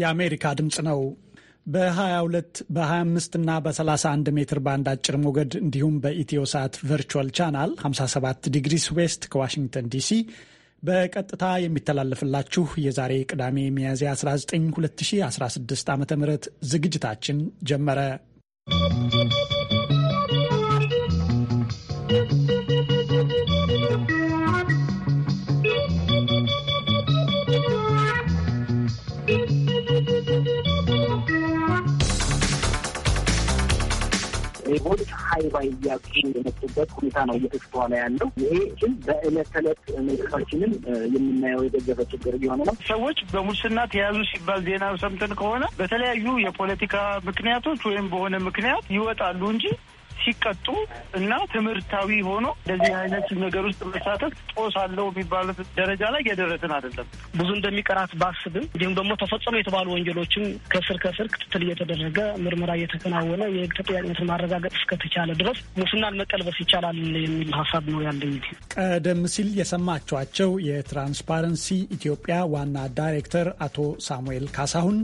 የአሜሪካ ድምፅ ነው። በ22 በ25 እና በ31 ሜትር ባንድ አጭር ሞገድ እንዲሁም ሰዓት ቨርቹዋል ቻናል 57 ዲግሪስ ዌስት ከዋሽንግተን ዲሲ በቀጥታ የሚተላለፍላችሁ የዛሬ ቅዳሜ ሚያዝያ 19 2016 ዓ ም ዝግጅታችን ጀመረ። ዜጎች ሀይባ እያጡ የመጡበት ሁኔታ ነው እየተስተዋለ ያለው። ይሄ ግን በእለት ተዕለት የምናየው የደገፈ ችግር እየሆነ ነው። ሰዎች በሙስና ተያዙ ሲባል ዜና ሰምተን ከሆነ በተለያዩ የፖለቲካ ምክንያቶች ወይም በሆነ ምክንያት ይወጣሉ እንጂ ሲቀጡ እና ትምህርታዊ ሆኖ እንደዚህ አይነት ነገር ውስጥ መሳተፍ ጦስ አለው የሚባሉት ደረጃ ላይ የደረስን አይደለም። ብዙ እንደሚቀራት ባስብም እንዲሁም ደግሞ ተፈጽሞ የተባሉ ወንጀሎችም ከስር ከስር ክትትል እየተደረገ ምርመራ እየተከናወነ የህግ ተጠያቂነትን ማረጋገጥ እስከተቻለ ድረስ ሙስናን መቀልበስ ይቻላል የሚል ሀሳብ ነው ያለኝ። ቀደም ሲል የሰማችኋቸው የትራንስፓረንሲ ኢትዮጵያ ዋና ዳይሬክተር አቶ ሳሙኤል ካሳሁን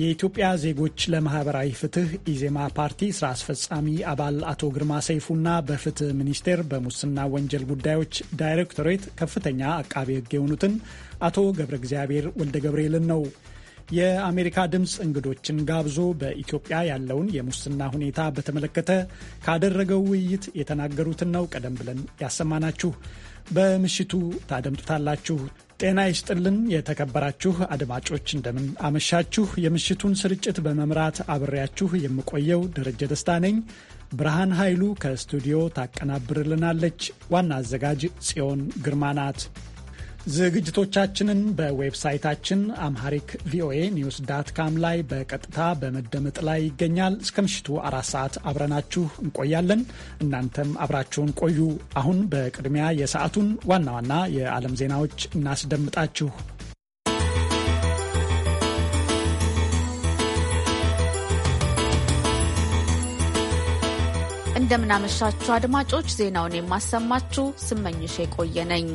የኢትዮጵያ ዜጎች ለማህበራዊ ፍትህ ኢዜማ ፓርቲ ስራ አስፈጻሚ አባል አቶ ግርማ ሰይፉና በፍትህ ሚኒስቴር በሙስና ወንጀል ጉዳዮች ዳይሬክቶሬት ከፍተኛ አቃቤ ህግ የሆኑትን አቶ ገብረ እግዚአብሔር ወልደ ገብርኤልን ነው የአሜሪካ ድምፅ እንግዶችን ጋብዞ በኢትዮጵያ ያለውን የሙስና ሁኔታ በተመለከተ ካደረገው ውይይት የተናገሩትን ነው ቀደም ብለን ያሰማናችሁ። በምሽቱ ታደምጡታላችሁ። ጤና ይስጥልን የተከበራችሁ አድማጮች፣ እንደምን አመሻችሁ። የምሽቱን ስርጭት በመምራት አብሬያችሁ የምቆየው ደረጀ ደስታ ነኝ። ብርሃን ኃይሉ ከስቱዲዮ ታቀናብርልናለች። ዋና አዘጋጅ ጽዮን ግርማ ናት። ዝግጅቶቻችንን በዌብሳይታችን አምሃሪክ ቪኦኤ ኒውስ ዳት ካም ላይ በቀጥታ በመደመጥ ላይ ይገኛል። እስከ ምሽቱ አራት ሰዓት አብረናችሁ እንቆያለን። እናንተም አብራችሁን ቆዩ። አሁን በቅድሚያ የሰዓቱን ዋና ዋና የዓለም ዜናዎች እናስደምጣችሁ። እንደምናመሻችሁ አድማጮች፣ ዜናውን የማሰማችሁ ስመኝሽ የቆየ ነኝ።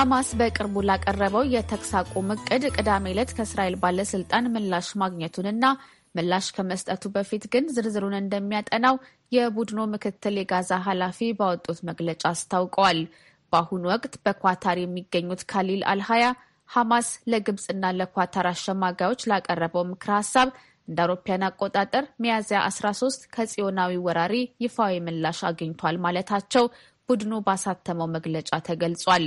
ሐማስ በቅርቡ ላቀረበው የተኩስ አቁም እቅድ ቅዳሜ ዕለት ከእስራኤል ባለስልጣን ምላሽ ማግኘቱንና ምላሽ ከመስጠቱ በፊት ግን ዝርዝሩን እንደሚያጠናው የቡድኑ ምክትል የጋዛ ኃላፊ ባወጡት መግለጫ አስታውቀዋል። በአሁኑ ወቅት በኳታር የሚገኙት ካሊል አልሀያ ሐማስ ለግብፅና ለኳታር አሸማጋዮች ላቀረበው ምክር ሀሳብ እንደ አውሮፓያን አቆጣጠር ሚያዝያ 13 ከጽዮናዊ ወራሪ ይፋዊ ምላሽ አግኝቷል ማለታቸው ቡድኑ ባሳተመው መግለጫ ተገልጿል።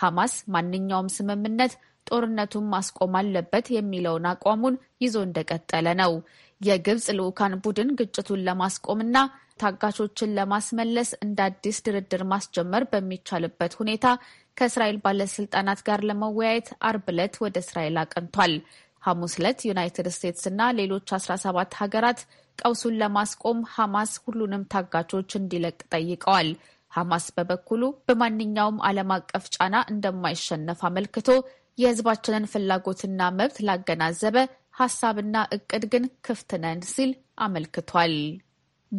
ሐማስ ማንኛውም ስምምነት ጦርነቱን ማስቆም አለበት የሚለውን አቋሙን ይዞ እንደቀጠለ ነው። የግብፅ ልዑካን ቡድን ግጭቱን ለማስቆምና ታጋቾችን ለማስመለስ እንደ አዲስ ድርድር ማስጀመር በሚቻልበት ሁኔታ ከእስራኤል ባለስልጣናት ጋር ለመወያየት አርብ ዕለት ወደ እስራኤል አቅንቷል። ሐሙስ ዕለት ዩናይትድ ስቴትስ እና ሌሎች 17 ሀገራት ቀውሱን ለማስቆም ሐማስ ሁሉንም ታጋቾች እንዲለቅ ጠይቀዋል። ሐማስ በበኩሉ በማንኛውም ዓለም አቀፍ ጫና እንደማይሸነፍ አመልክቶ የህዝባችንን ፍላጎትና መብት ላገናዘበ ሀሳብና እቅድ ግን ክፍት ነን ሲል አመልክቷል።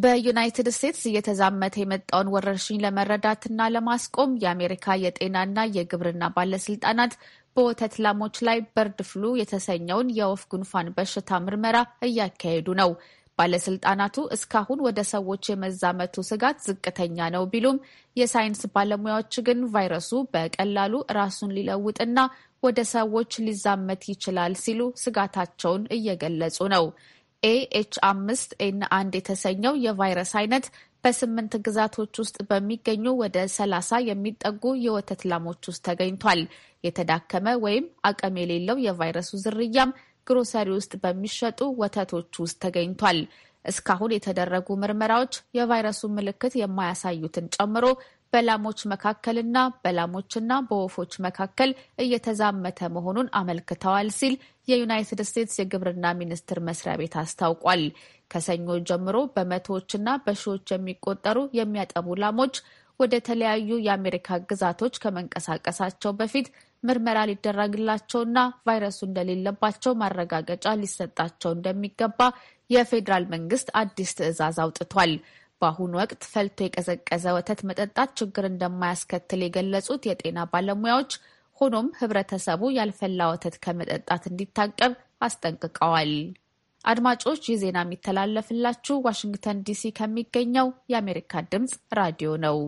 በዩናይትድ ስቴትስ እየተዛመተ የመጣውን ወረርሽኝ ለመረዳትና ለማስቆም የአሜሪካ የጤናና የግብርና ባለስልጣናት በወተት ላሞች ላይ በርድ ፍሉ የተሰኘውን የወፍ ጉንፋን በሽታ ምርመራ እያካሄዱ ነው። ባለስልጣናቱ እስካሁን ወደ ሰዎች የመዛመቱ ስጋት ዝቅተኛ ነው ቢሉም የሳይንስ ባለሙያዎች ግን ቫይረሱ በቀላሉ ራሱን ሊለውጥና ወደ ሰዎች ሊዛመት ይችላል ሲሉ ስጋታቸውን እየገለጹ ነው። ኤኤች አምስት ኤን አንድ የተሰኘው የቫይረስ አይነት በስምንት ግዛቶች ውስጥ በሚገኙ ወደ ሰላሳ የሚጠጉ የወተት ላሞች ውስጥ ተገኝቷል። የተዳከመ ወይም አቅም የሌለው የቫይረሱ ዝርያም ግሮሰሪ ውስጥ በሚሸጡ ወተቶች ውስጥ ተገኝቷል። እስካሁን የተደረጉ ምርመራዎች የቫይረሱ ምልክት የማያሳዩትን ጨምሮ በላሞች መካከልና በላሞችና በወፎች መካከል እየተዛመተ መሆኑን አመልክተዋል ሲል የዩናይትድ ስቴትስ የግብርና ሚኒስቴር መስሪያ ቤት አስታውቋል። ከሰኞ ጀምሮ በመቶዎችና በሺዎች የሚቆጠሩ የሚያጠቡ ላሞች ወደ ተለያዩ የአሜሪካ ግዛቶች ከመንቀሳቀሳቸው በፊት ምርመራ ሊደረግላቸውና ቫይረሱ እንደሌለባቸው ማረጋገጫ ሊሰጣቸው እንደሚገባ የፌዴራል መንግስት አዲስ ትዕዛዝ አውጥቷል። በአሁኑ ወቅት ፈልቶ የቀዘቀዘ ወተት መጠጣት ችግር እንደማያስከትል የገለጹት የጤና ባለሙያዎች፣ ሆኖም ህብረተሰቡ ያልፈላ ወተት ከመጠጣት እንዲታቀብ አስጠንቅቀዋል። አድማጮች፣ ይህ ዜና የሚተላለፍላችሁ ዋሽንግተን ዲሲ ከሚገኘው የአሜሪካ ድምፅ ራዲዮ ነው።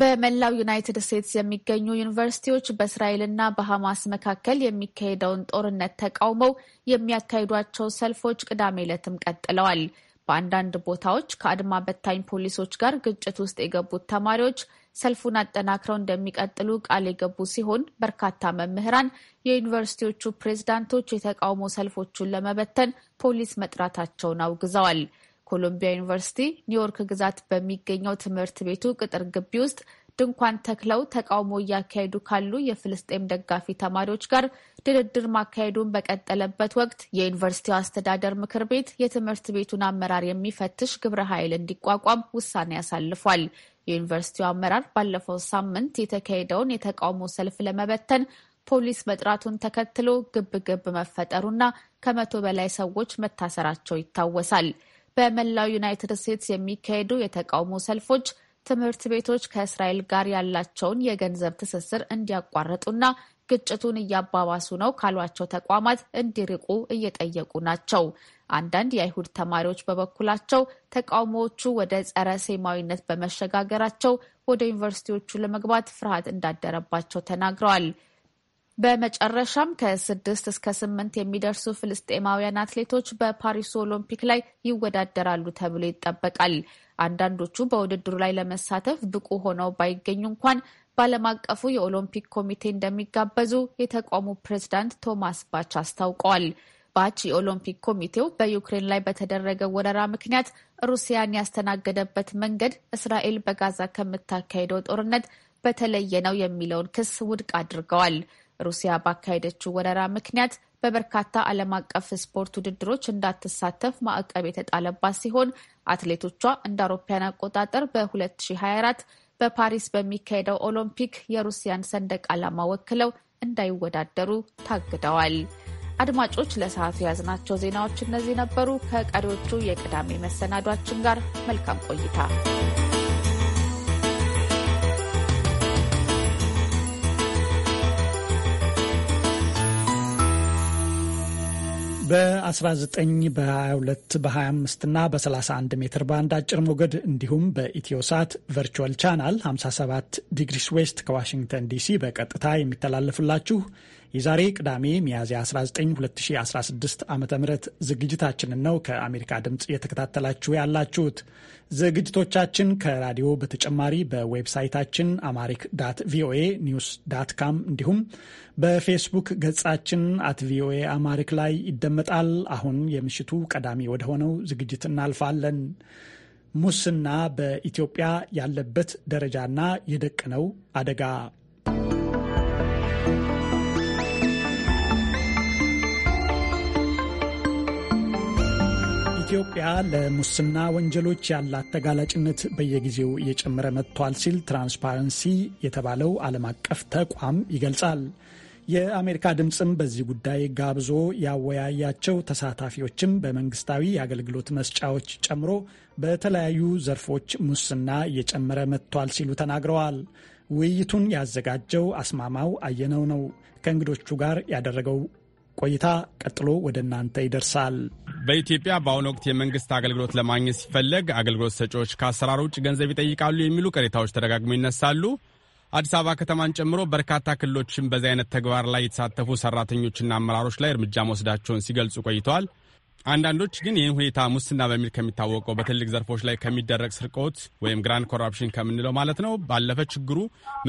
በመላው ዩናይትድ ስቴትስ የሚገኙ ዩኒቨርሲቲዎች በእስራኤልና በሐማስ መካከል የሚካሄደውን ጦርነት ተቃውመው የሚያካሂዷቸው ሰልፎች ቅዳሜ ዕለትም ቀጥለዋል። በአንዳንድ ቦታዎች ከአድማ በታኝ ፖሊሶች ጋር ግጭት ውስጥ የገቡት ተማሪዎች ሰልፉን አጠናክረው እንደሚቀጥሉ ቃል የገቡ ሲሆን በርካታ መምህራን የዩኒቨርሲቲዎቹ ፕሬዝዳንቶች የተቃውሞ ሰልፎቹን ለመበተን ፖሊስ መጥራታቸውን አውግዘዋል። ኮሎምቢያ ዩኒቨርሲቲ ኒውዮርክ ግዛት በሚገኘው ትምህርት ቤቱ ቅጥር ግቢ ውስጥ ድንኳን ተክለው ተቃውሞ እያካሄዱ ካሉ የፍልስጤም ደጋፊ ተማሪዎች ጋር ድርድር ማካሄዱን በቀጠለበት ወቅት የዩኒቨርሲቲው አስተዳደር ምክር ቤት የትምህርት ቤቱን አመራር የሚፈትሽ ግብረ ኃይል እንዲቋቋም ውሳኔ ያሳልፏል። የዩኒቨርሲቲው አመራር ባለፈው ሳምንት የተካሄደውን የተቃውሞ ሰልፍ ለመበተን ፖሊስ መጥራቱን ተከትሎ ግብ ግብ መፈጠሩና ከመቶ በላይ ሰዎች መታሰራቸው ይታወሳል። በመላው ዩናይትድ ስቴትስ የሚካሄዱ የተቃውሞ ሰልፎች ትምህርት ቤቶች ከእስራኤል ጋር ያላቸውን የገንዘብ ትስስር እንዲያቋርጡና ግጭቱን እያባባሱ ነው ካሏቸው ተቋማት እንዲርቁ እየጠየቁ ናቸው። አንዳንድ የአይሁድ ተማሪዎች በበኩላቸው ተቃውሞዎቹ ወደ ጸረ ሴማዊነት በመሸጋገራቸው ወደ ዩኒቨርሲቲዎቹ ለመግባት ፍርሃት እንዳደረባቸው ተናግረዋል። በመጨረሻም ከስድስት እስከ ስምንት የሚደርሱ ፍልስጤማውያን አትሌቶች በፓሪስ ኦሎምፒክ ላይ ይወዳደራሉ ተብሎ ይጠበቃል። አንዳንዶቹ በውድድሩ ላይ ለመሳተፍ ብቁ ሆነው ባይገኙ እንኳን በዓለም አቀፉ የኦሎምፒክ ኮሚቴ እንደሚጋበዙ የተቋሙ ፕሬዝዳንት ቶማስ ባች አስታውቀዋል። ባች የኦሎምፒክ ኮሚቴው በዩክሬን ላይ በተደረገ ወረራ ምክንያት ሩሲያን ያስተናገደበት መንገድ እስራኤል በጋዛ ከምታካሄደው ጦርነት በተለየ ነው የሚለውን ክስ ውድቅ አድርገዋል። ሩሲያ ባካሄደችው ወረራ ምክንያት በበርካታ ዓለም አቀፍ ስፖርት ውድድሮች እንዳትሳተፍ ማዕቀብ የተጣለባት ሲሆን አትሌቶቿ እንደ አውሮፓያን አቆጣጠር በ2024 በፓሪስ በሚካሄደው ኦሎምፒክ የሩሲያን ሰንደቅ ዓላማ ወክለው እንዳይወዳደሩ ታግደዋል። አድማጮች፣ ለሰዓቱ የያዝናቸው ዜናዎች እነዚህ ነበሩ። ከቀሪዎቹ የቅዳሜ መሰናዷችን ጋር መልካም ቆይታ በ19 በ22 በ25 እና በ31 ሜትር ባንድ አጭር ሞገድ እንዲሁም በኢትዮ ሳት ቨርቹዋል ቻናል 57 ዲግሪስ ዌስት ከዋሽንግተን ዲሲ በቀጥታ የሚተላለፍላችሁ የዛሬ ቅዳሜ ሚያዝያ 19 2016 ዓ ም ዝግጅታችንን ነው ከአሜሪካ ድምፅ እየተከታተላችሁ ያላችሁት። ዝግጅቶቻችን ከራዲዮ በተጨማሪ በዌብሳይታችን አማሪክ ዳት ቪኦኤ ኒውስ ዳት ካም እንዲሁም በፌስቡክ ገጻችን አት ቪኦኤ አማሪክ ላይ ይደመጣል። አሁን የምሽቱ ቀዳሚ ወደሆነው ዝግጅት እናልፋለን። ሙስና በኢትዮጵያ ያለበት ደረጃና የደቀነው አደጋ ኢትዮጵያ ለሙስና ወንጀሎች ያላት ተጋላጭነት በየጊዜው እየጨመረ መጥቷል ሲል ትራንስፓረንሲ የተባለው ዓለም አቀፍ ተቋም ይገልጻል። የአሜሪካ ድምፅም በዚህ ጉዳይ ጋብዞ ያወያያቸው ተሳታፊዎችም በመንግስታዊ የአገልግሎት መስጫዎች ጨምሮ በተለያዩ ዘርፎች ሙስና እየጨመረ መጥቷል ሲሉ ተናግረዋል። ውይይቱን ያዘጋጀው አስማማው አየነው ነው። ከእንግዶቹ ጋር ያደረገው ቆይታ ቀጥሎ ወደ እናንተ ይደርሳል። በኢትዮጵያ በአሁኑ ወቅት የመንግስት አገልግሎት ለማግኘት ሲፈለግ አገልግሎት ሰጪዎች ከአሰራር ውጭ ገንዘብ ይጠይቃሉ የሚሉ ቅሬታዎች ተደጋግመው ይነሳሉ። አዲስ አበባ ከተማን ጨምሮ በርካታ ክልሎችን በዚህ አይነት ተግባር ላይ የተሳተፉ ሰራተኞችና አመራሮች ላይ እርምጃ መወስዳቸውን ሲገልጹ ቆይተዋል። አንዳንዶች ግን ይህን ሁኔታ ሙስና በሚል ከሚታወቀው በትልቅ ዘርፎች ላይ ከሚደረግ ስርቆት ወይም ግራንድ ኮራፕሽን ከምንለው ማለት ነው ባለፈ ችግሩ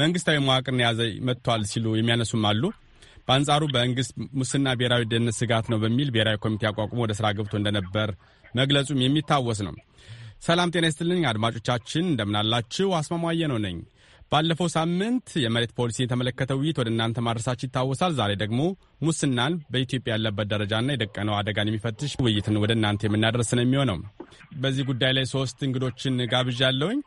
መንግስታዊ መዋቅርን የያዘ መጥቷል ሲሉ የሚያነሱም አሉ። በአንጻሩ በመንግስት ሙስና ብሔራዊ ደህንነት ስጋት ነው በሚል ብሔራዊ ኮሚቴ አቋቁሞ ወደ ስራ ገብቶ እንደነበር መግለጹም የሚታወስ ነው። ሰላም ጤና ይስጥልኝ አድማጮቻችን፣ እንደምናላችሁ አስማማየ ነው ነኝ። ባለፈው ሳምንት የመሬት ፖሊሲ የተመለከተ ውይይት ወደ እናንተ ማድረሳችሁ ይታወሳል። ዛሬ ደግሞ ሙስናን በኢትዮጵያ ያለበት ደረጃና የደቀነው አደጋን የሚፈትሽ ውይይትን ወደ እናንተ የምናደርስ ነው የሚሆነው። በዚህ ጉዳይ ላይ ሶስት እንግዶችን ጋብዣ አለውኝ።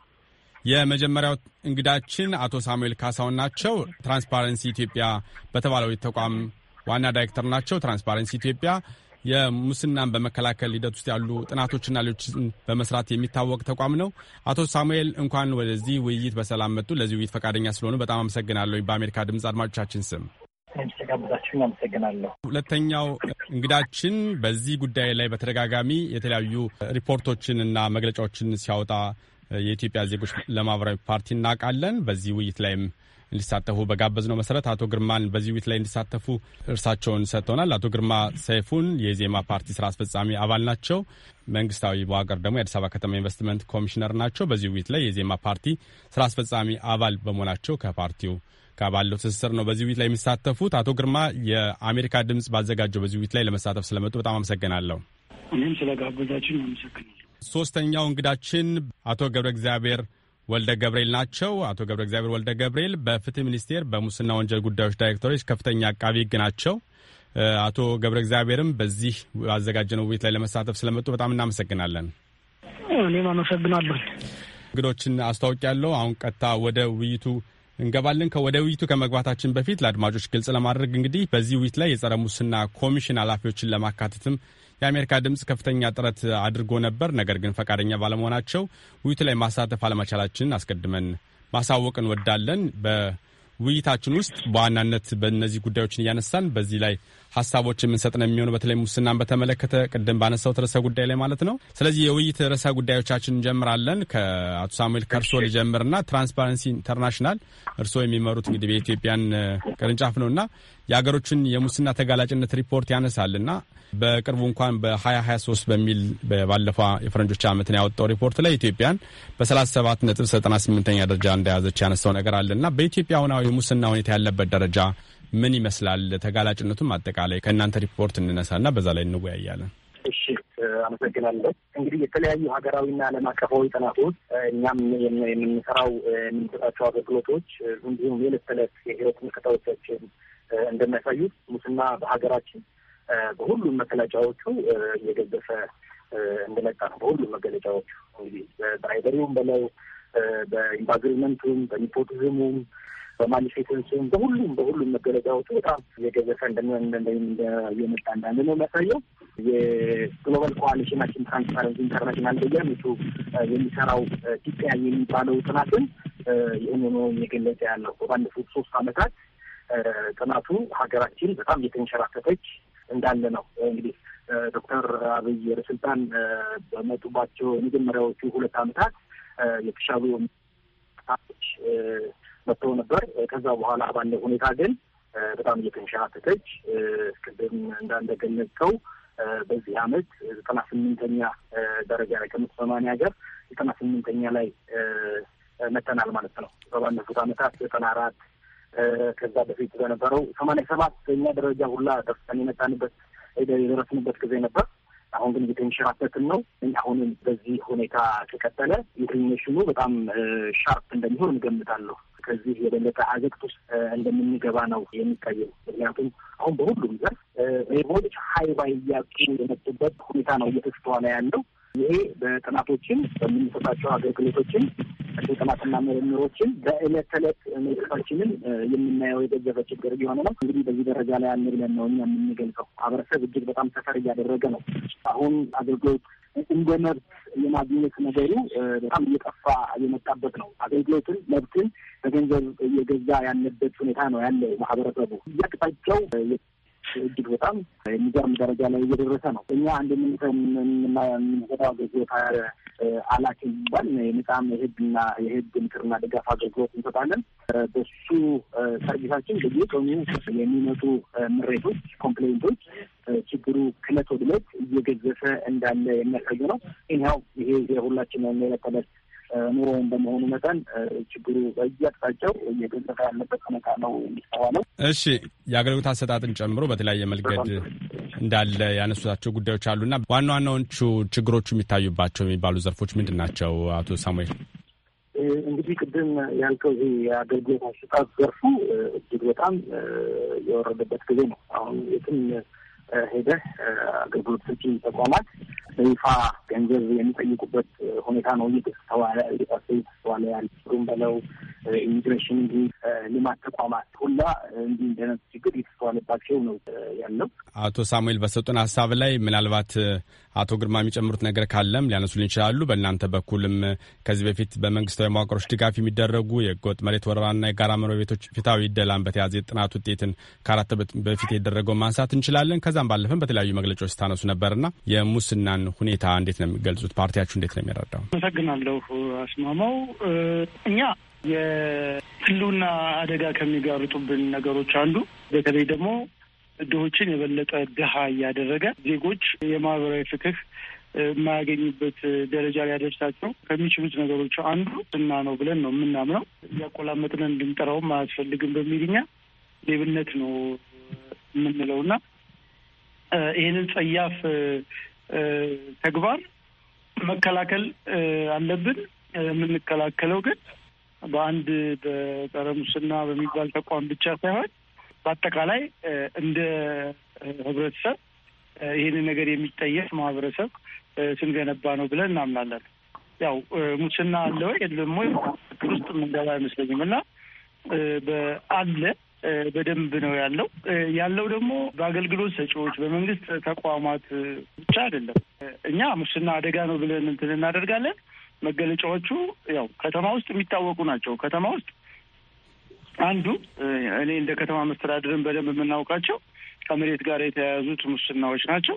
የመጀመሪያው እንግዳችን አቶ ሳሙኤል ካሳውን ናቸው። ትራንስፓረንሲ ኢትዮጵያ በተባለው ተቋም ዋና ዳይሬክተር ናቸው። ትራንስፓረንሲ ኢትዮጵያ የሙስናን በመከላከል ሂደት ውስጥ ያሉ ጥናቶችና ሌሎችን በመስራት የሚታወቅ ተቋም ነው። አቶ ሳሙኤል እንኳን ወደዚህ ውይይት በሰላም መጡ። ለዚህ ውይይት ፈቃደኛ ስለሆኑ በጣም አመሰግናለሁ በአሜሪካ ድምፅ አድማጮቻችን ስም አመሰግናለሁ። ሁለተኛው እንግዳችን በዚህ ጉዳይ ላይ በተደጋጋሚ የተለያዩ ሪፖርቶችን እና መግለጫዎችን ሲያወጣ የኢትዮጵያ ዜጎች ለማህበራዊ ፓርቲ እናውቃለን። በዚህ ውይይት ላይም እንዲሳተፉ በጋበዝ ነው መሰረት አቶ ግርማን በዚህ ውይይት ላይ እንዲሳተፉ እርሳቸውን ሰጥተውናል። አቶ ግርማ ሰይፉን የዜማ ፓርቲ ስራ አስፈጻሚ አባል ናቸው። መንግስታዊ በዋቀር ደግሞ የአዲስ አበባ ከተማ ኢንቨስትመንት ኮሚሽነር ናቸው። በዚህ ውይይት ላይ የዜማ ፓርቲ ስራ አስፈጻሚ አባል በመሆናቸው ከፓርቲው ጋር ባለው ትስስር ነው በዚህ ውይይት ላይ የሚሳተፉት። አቶ ግርማ የአሜሪካ ድምጽ ባዘጋጀው በዚህ ውይይት ላይ ለመሳተፍ ስለመጡ በጣም አመሰግናለሁ። እኔም ስለጋበዛችን አመሰግናለሁ። ሶስተኛው እንግዳችን አቶ ገብረ እግዚአብሔር ወልደ ገብርኤል ናቸው። አቶ ገብረ እግዚአብሔር ወልደ ገብርኤል በፍትህ ሚኒስቴር በሙስና ወንጀል ጉዳዮች ዳይሬክተሮች ከፍተኛ አቃቢ ህግ ናቸው። አቶ ገብረ እግዚአብሔርም በዚህ አዘጋጀነው ውይይት ላይ ለመሳተፍ ስለመጡ በጣም እናመሰግናለን። እኔም አመሰግናለሁ። እንግዶችን አስታውቅ ያለው አሁን ቀጥታ ወደ ውይይቱ እንገባለን። ወደ ውይይቱ ከመግባታችን በፊት ለአድማጮች ግልጽ ለማድረግ እንግዲህ በዚህ ውይይት ላይ የጸረ ሙስና ኮሚሽን ኃላፊዎችን ለማካተትም የአሜሪካ ድምፅ ከፍተኛ ጥረት አድርጎ ነበር። ነገር ግን ፈቃደኛ ባለመሆናቸው ውይይቱ ላይ ማሳተፍ አለመቻላችንን አስቀድመን ማሳወቅ እንወዳለን። ውይይታችን ውስጥ በዋናነት በእነዚህ ጉዳዮችን እያነሳን በዚህ ላይ ሀሳቦች የምንሰጥ ነው የሚሆነው። በተለይ ሙስናን በተመለከተ ቅድም ባነሳሁት ርዕሰ ጉዳይ ላይ ማለት ነው። ስለዚህ የውይይት ርዕሰ ጉዳዮቻችን እንጀምራለን። ከአቶ ሳሙኤል ከእርሶ ልጀምርና ትራንስፓረንሲ ኢንተርናሽናል እርሶ የሚመሩት እንግዲህ በኢትዮጵያን ቅርንጫፍ ነው እና የሀገሮችን የሙስና ተጋላጭነት ሪፖርት ያነሳልና በቅርቡ እንኳን በ2023 በሚል ባለፈው የፈረንጆች ዓመትን ያወጣው ሪፖርት ላይ ኢትዮጵያን በ37 ነጥብ 98ኛ ደረጃ እንደያዘች ያነሳው ነገር አለና በኢትዮጵያ አሁናዊ የሙስና ሁኔታ ያለበት ደረጃ ምን ይመስላል? ተጋላጭነቱም አጠቃላይ ከእናንተ ሪፖርት እንነሳና በዛ ላይ እንወያያለን። እሺ፣ አመሰግናለሁ። እንግዲህ የተለያዩ ሀገራዊና ዓለም አቀፋዊ ጥናቶች እኛም የምንሰራው የምንሰጣቸው አገልግሎቶች እንዲሁም የዕለት ተዕለት የህይወት ምልከታዎቻችን እንደሚያሳዩት ሙስና በሀገራችን በሁሉም መገለጫዎቹ እየገዘፈ እንደመጣ ነው። በሁሉም መገለጫዎቹ እንግዲህ በራይበሪውም በለው በኢምባግሪመንቱም፣ በኒፖቲዝሙም፣ በማኒፌተንሱም በሁሉም በሁሉም መገለጫዎቹ በጣም እየገዘፈ እየመጣ እንዳለ ነው የሚያሳየው። የግሎባል ኮዋሊሽናችን ትራንስፓረንሲ ኢንተርናሽናል በየዓመቱ የሚሰራው ዲፒአይ የሚባለው ጥናትን ይህን ይህንኑ እየገለጸ ያለው በባለፉት ሶስት አመታት ጥናቱ ሀገራችን በጣም እየተንሸራተተች እንዳለ ነው። እንግዲህ ዶክተር አብይ ወደ ስልጣን በመጡባቸው የመጀመሪያዎቹ ሁለት ዓመታት የተሻሉ ች መጥተው ነበር። ከዛ በኋላ ባለ ሁኔታ ግን በጣም እየተንሸራተተች ቅድም እንዳንደገለጽከው በዚህ ዓመት ዘጠና ስምንተኛ ደረጃ ላይ ከመቶ ሰማንያ ሀገር ዘጠና ስምንተኛ ላይ መተናል ማለት ነው። በባለፉት ዓመታት ዘጠና አራት ከዛ በፊት በነበረው ሰማንያ ሰባተኛ ደረጃ ሁላ ደርሰን የመጣንበት የደረስንበት ጊዜ ነበር። አሁን ግን እየተንሸራተትን ነው። አሁንም በዚህ ሁኔታ ከቀጠለ ኢንክሊኔሽኑ በጣም ሻርፕ እንደሚሆን እንገምታለሁ። ከዚህ የበለጠ አዘቅት ውስጥ እንደምንገባ ነው የሚታየው። ምክንያቱም አሁን በሁሉም ዘርፍ ሬቦች ሀይ ባይ እያጡ የመጡበት ሁኔታ ነው እየተስተዋለ ያለው። ይሄ በጥናቶችን በምንሰጣቸው አገልግሎቶችን ጥናትና ምርምሮችን በእለት ተዕለት ምልክታችንን የምናየው የገዘፈ ችግር እየሆነ ነው። እንግዲህ በዚህ ደረጃ ላይ አለ ብለን ነው እኛ የምንገልጸው። ማህበረሰብ እጅግ በጣም ሰፈር እያደረገ ነው። አሁን አገልግሎት እንደ መብት የማግኘት ነገሩ በጣም እየጠፋ የመጣበት ነው። አገልግሎትን መብትን በገንዘብ እየገዛ ያለበት ሁኔታ ነው ያለው ማህበረሰቡ እያቅጣጫው ሰዎች እጅግ በጣም የሚገርም ደረጃ ላይ እየደረሰ ነው። እኛ አንድ የምንሰራው አገልግሎት አላኪ የሚባል የነጻም የህግና የህግ ምክርና ድጋፍ አገልግሎት እንሰጣለን። በሱ ሰርቪሳችን በየቀኑ የሚመጡ ምሬቶች፣ ኮምፕሌንቶች ችግሩ ክለት ወደ ዕለት እየገዘፈ እንዳለ የሚያሳዩ ነው። ይኸው ይሄ የሁላችን የሚለቀለት ኑሮውን በመሆኑ መጠን ችግሩ በየአቅጣጫው እየገዘፈ ያለበት ሁኔታ ነው የሚስተዋለው። እሺ፣ የአገልግሎት አሰጣጥን ጨምሮ በተለያየ መልገድ እንዳለ ያነሱታቸው ጉዳዮች አሉና ዋና ዋናዎቹ ችግሮቹ የሚታዩባቸው የሚባሉ ዘርፎች ምንድን ናቸው? አቶ ሳሙኤል እንግዲህ ቅድም ያልከው ይህ የአገልግሎት አሰጣጥ ዘርፉ እጅግ በጣም የወረደበት ጊዜ ነው አሁን የትም ሄደህ አገልግሎት ሰጪ ተቋማት በይፋ ገንዘብ የሚጠይቁበት ሁኔታ ነው እየተስተዋለ እየተስተዋለ ያለ ሩም በለው ኢሚግሬሽን፣ እንዲ ልማት ተቋማት ሁላ እንዲህ እንደነት ችግር እየተስተዋለባቸው ነው ያለው። አቶ ሳሙኤል በሰጡን ሀሳብ ላይ ምናልባት አቶ ግርማ የሚጨምሩት ነገር ካለም ሊያነሱልን ይችላሉ። በእናንተ በኩልም ከዚህ በፊት በመንግስታዊ መዋቅሮች ድጋፍ የሚደረጉ የህገወጥ መሬት ወረራና የጋራ መኖሪያ ቤቶች ፊታዊ ዕደላን በተያዘ የጥናት ውጤትን ከአራት በፊት የደረገው ማንሳት እንችላለን ከዛ ከዛም ባለፈም በተለያዩ መግለጫዎች ስታነሱ ነበርና የሙስናን ሁኔታ እንዴት ነው የሚገልጹት? ፓርቲያችሁ እንዴት ነው የሚረዳው? አመሰግናለሁ አስማማው። እኛ የህልውና አደጋ ከሚጋርጡብን ነገሮች አንዱ በተለይ ደግሞ ድሆችን የበለጠ ድሃ እያደረገ ዜጎች የማህበራዊ ፍትህ የማያገኙበት ደረጃ ሊያደርሳቸው ከሚችሉት ነገሮች አንዱ እና ነው ብለን ነው የምናምነው። እያቆላመጥን እንድንጠራውም አያስፈልግም በሚል ሌብነት ነው የምንለው እና ይህንን ጸያፍ ተግባር መከላከል አለብን። የምንከላከለው ግን በአንድ በጸረ ሙስና በሚባል ተቋም ብቻ ሳይሆን በአጠቃላይ እንደ ህብረተሰብ ይህንን ነገር የሚጠየፍ ማህበረሰብ ስንገነባ ነው ብለን እናምናለን። ያው ሙስና አለ ወይ ውስጥ የምንገባ አይመስለኝም እና በአለ በደንብ ነው ያለው። ያለው ደግሞ በአገልግሎት ሰጪዎች፣ በመንግስት ተቋማት ብቻ አይደለም። እኛ ሙስና አደጋ ነው ብለን እንትን እናደርጋለን። መገለጫዎቹ ያው ከተማ ውስጥ የሚታወቁ ናቸው። ከተማ ውስጥ አንዱ እኔ እንደ ከተማ መስተዳድርን በደንብ የምናውቃቸው ከመሬት ጋር የተያያዙት ሙስናዎች ናቸው።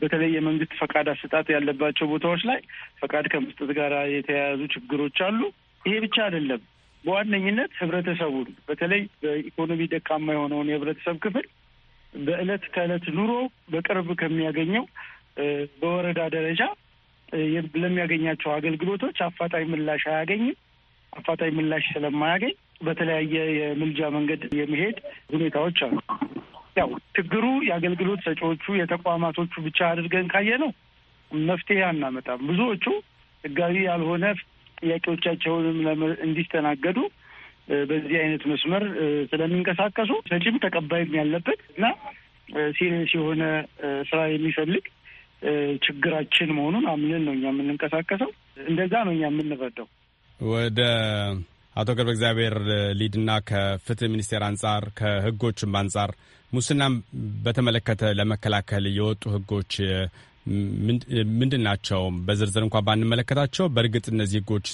በተለይ የመንግስት ፈቃድ አሰጣጥ ያለባቸው ቦታዎች ላይ ፈቃድ ከመስጠት ጋር የተያያዙ ችግሮች አሉ። ይሄ ብቻ አይደለም። በዋነኝነት ህብረተሰቡን በተለይ በኢኮኖሚ ደካማ የሆነውን የህብረተሰብ ክፍል በእለት ከእለት ኑሮ በቅርብ ከሚያገኘው በወረዳ ደረጃ ለሚያገኛቸው አገልግሎቶች አፋጣኝ ምላሽ አያገኝም። አፋጣኝ ምላሽ ስለማያገኝ በተለያየ የምልጃ መንገድ የመሄድ ሁኔታዎች አሉ። ያው ችግሩ የአገልግሎት ሰጪዎቹ የተቋማቶቹ ብቻ አድርገን ካየ ነው መፍትሄ አናመጣም። ብዙዎቹ ህጋዊ ያልሆነ ጥያቄዎቻቸውንም እንዲስተናገዱ በዚህ አይነት መስመር ስለሚንቀሳቀሱ ሰጪም ተቀባይም ያለበት እና ሲሪየስ የሆነ ስራ የሚፈልግ ችግራችን መሆኑን አምንን ነው እኛ የምንንቀሳቀሰው። እንደዛ ነው እኛ የምንረዳው። ወደ አቶ ገብረ እግዚአብሔር ሊድና ከፍትህ ሚኒስቴር አንጻር ከህጎችም አንጻር ሙስናም በተመለከተ ለመከላከል የወጡ ህጎች ምንድን ናቸው? በዝርዝር እንኳ ባንመለከታቸው በእርግጥ እነዚህ ህጎች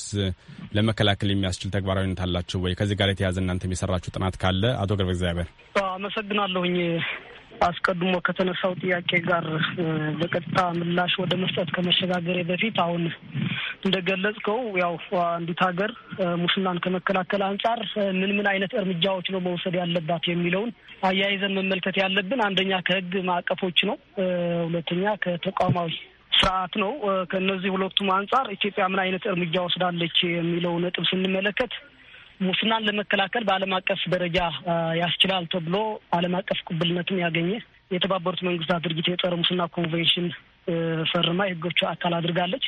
ለመከላከል የሚያስችል ተግባራዊነት አላቸው ወይ? ከዚህ ጋር የተያዘ እናንተ የሰራችሁ ጥናት ካለ አቶ ገብረ እግዚአብሔር። አመሰግናለሁኝ አስቀድሞ ከተነሳው ጥያቄ ጋር በቀጥታ ምላሽ ወደ መስጠት ከመሸጋገሬ በፊት አሁን እንደገለጽከው ያው አንዲት ሀገር ሙስናን ከመከላከል አንጻር ምን ምን አይነት እርምጃዎች ነው መውሰድ ያለባት የሚለውን አያይዘን መመልከት ያለብን አንደኛ ከህግ ማዕቀፎች ነው። ሁለተኛ ከተቋማዊ ስርዓት ነው። ከእነዚህ ሁለቱም አንጻር ኢትዮጵያ ምን አይነት እርምጃ ወስዳለች የሚለው ነጥብ ስንመለከት ሙስናን ለመከላከል በዓለም አቀፍ ደረጃ ያስችላል ተብሎ ዓለም አቀፍ ቅብልነትም ያገኘ የተባበሩት መንግስታት ድርጅት የጸረ ሙስና ኮንቬንሽን ፈርማ የህጎቹ አካል አድርጋለች።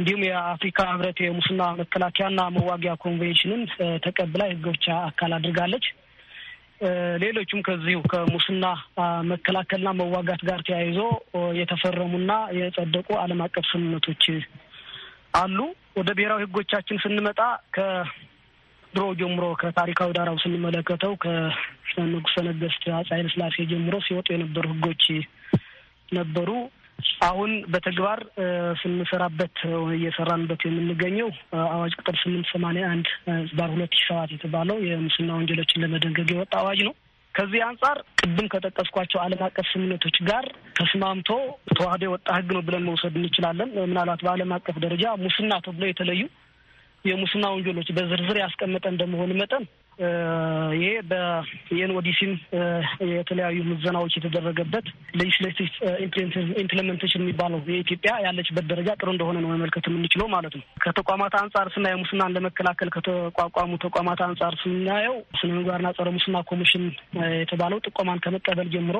እንዲሁም የአፍሪካ ህብረት የሙስና መከላከያና መዋጊያ ኮንቬንሽንን ተቀብላ የህጎቹ አካል አድርጋለች። ሌሎቹም ከዚሁ ከሙስና መከላከልና መዋጋት ጋር ተያይዞ የተፈረሙና የጸደቁ ዓለም አቀፍ ስምምነቶች አሉ። ወደ ብሔራዊ ህጎቻችን ስንመጣ ድሮ ጀምሮ ከታሪካዊ ዳራው ስንመለከተው ከንጉሰ ነገስት አፄ ኃይለ ጀምሮ ሲወጡ የነበሩ ህጎች ነበሩ። አሁን በተግባር ስንሰራበት እየሰራንበት የምንገኘው አዋጅ ቁጥር ስምንት ሰማንያ አንድ ባር ሁለት ሺ ሰባት የተባለው የሙስና ወንጀሎችን ለመደንገግ የወጣ አዋጅ ነው። ከዚህ አንጻር ቅድም ከጠቀስኳቸው ዓለም አቀፍ ስምምነቶች ጋር ተስማምቶ ተዋህዶ የወጣ ህግ ነው ብለን መውሰድ እንችላለን። ምናልባት በዓለም አቀፍ ደረጃ ሙስና ተብሎ የተለዩ የሙስና ወንጀሎች በዝርዝር ያስቀመጠ እንደመሆን መጠን ይሄ በዩኤንኦዲሲም የተለያዩ ምዘናዎች የተደረገበት ሌጅስሌቲቭ ኢምፕሊመንቴሽን የሚባለው የኢትዮጵያ ያለችበት ደረጃ ጥሩ እንደሆነ ነው መመልከት የምንችለው ማለት ነው። ከተቋማት አንጻር ስናየው ሙስናን ለመከላከል ከተቋቋሙ ተቋማት አንጻር ስናየው ስነ ምግባርና ጸረ ሙስና ኮሚሽን የተባለው ጥቆማን ከመቀበል ጀምሮ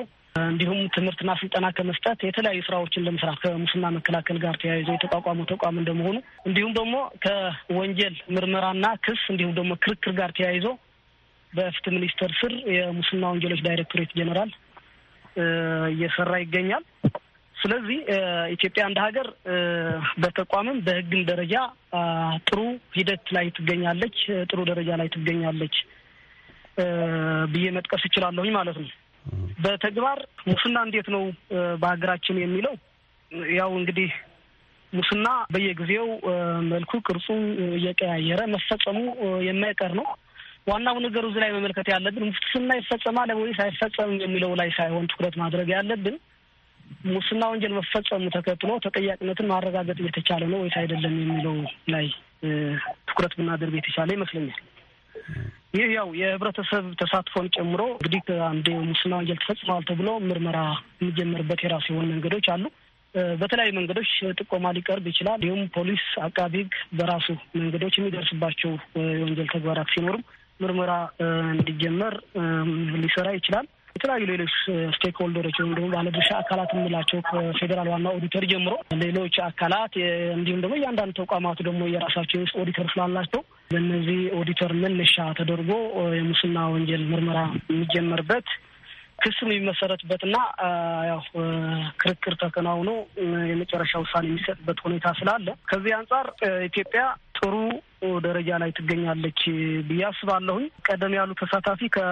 እንዲሁም ትምህርትና ስልጠና ከመስጠት የተለያዩ ስራዎችን ለመስራት ከሙስና መከላከል ጋር ተያይዞ የተቋቋሙ ተቋም እንደመሆኑ እንዲሁም ደግሞ ከወንጀል ምርመራና ክስ እንዲሁም ደግሞ ክርክር ጋር ተያይዞ በፍትህ ሚኒስቴር ስር የሙስና ወንጀሎች ዳይሬክቶሬት ጀኔራል እየሰራ ይገኛል። ስለዚህ ኢትዮጵያ እንደ ሀገር በተቋምም በህግም ደረጃ ጥሩ ሂደት ላይ ትገኛለች፣ ጥሩ ደረጃ ላይ ትገኛለች ብዬ መጥቀስ እችላለሁኝ ማለት ነው። በተግባር ሙስና እንዴት ነው በሀገራችን የሚለው ያው እንግዲህ ሙስና በየጊዜው መልኩ ቅርጹ እየቀያየረ መፈጸሙ የማይቀር ነው። ዋናው ነገር እዚህ ላይ መመልከት ያለብን ሙስና ይፈጸማል ወይስ አይፈጸምም የሚለው ላይ ሳይሆን ትኩረት ማድረግ ያለብን ሙስና ወንጀል መፈጸሙ ተከትሎ ተጠያቂነትን ማረጋገጥ እየተቻለ ነው ወይስ አይደለም የሚለው ላይ ትኩረት ብናደርግ የተቻለ ይመስለኛል። ይህ ያው የህብረተሰብ ተሳትፎን ጨምሮ እንግዲህ አንድ ሙስና ወንጀል ተፈጽመዋል ተብሎ ምርመራ የሚጀመርበት የራሱ የሆኑ መንገዶች አሉ። በተለያዩ መንገዶች ጥቆማ ሊቀርብ ይችላል። እንዲሁም ፖሊስ፣ አቃቢ ህግ በራሱ መንገዶች የሚደርስባቸው የወንጀል ተግባራት ሲኖሩም ምርመራ እንዲጀመር ሊሰራ ይችላል። የተለያዩ ሌሎች ስቴክ ሆልደሮች ወይም ደግሞ ባለድርሻ አካላት የምንላቸው ከፌዴራል ዋና ኦዲተር ጀምሮ ሌሎች አካላት እንዲሁም ደግሞ እያንዳንድ ተቋማቱ ደግሞ የራሳቸው የውስጥ ኦዲተር ስላላቸው በእነዚህ ኦዲተር መነሻ ተደርጎ የሙስና ወንጀል ምርመራ የሚጀመርበት ክስ የሚመሰረትበትና ያው ክርክር ተከናውኖ የመጨረሻ ውሳኔ የሚሰጥበት ሁኔታ ስላለ ከዚህ አንጻር ኢትዮጵያ ጥሩ ደረጃ ላይ ትገኛለች ብዬ አስባለሁኝ። ቀደም ያሉ ተሳታፊ ከ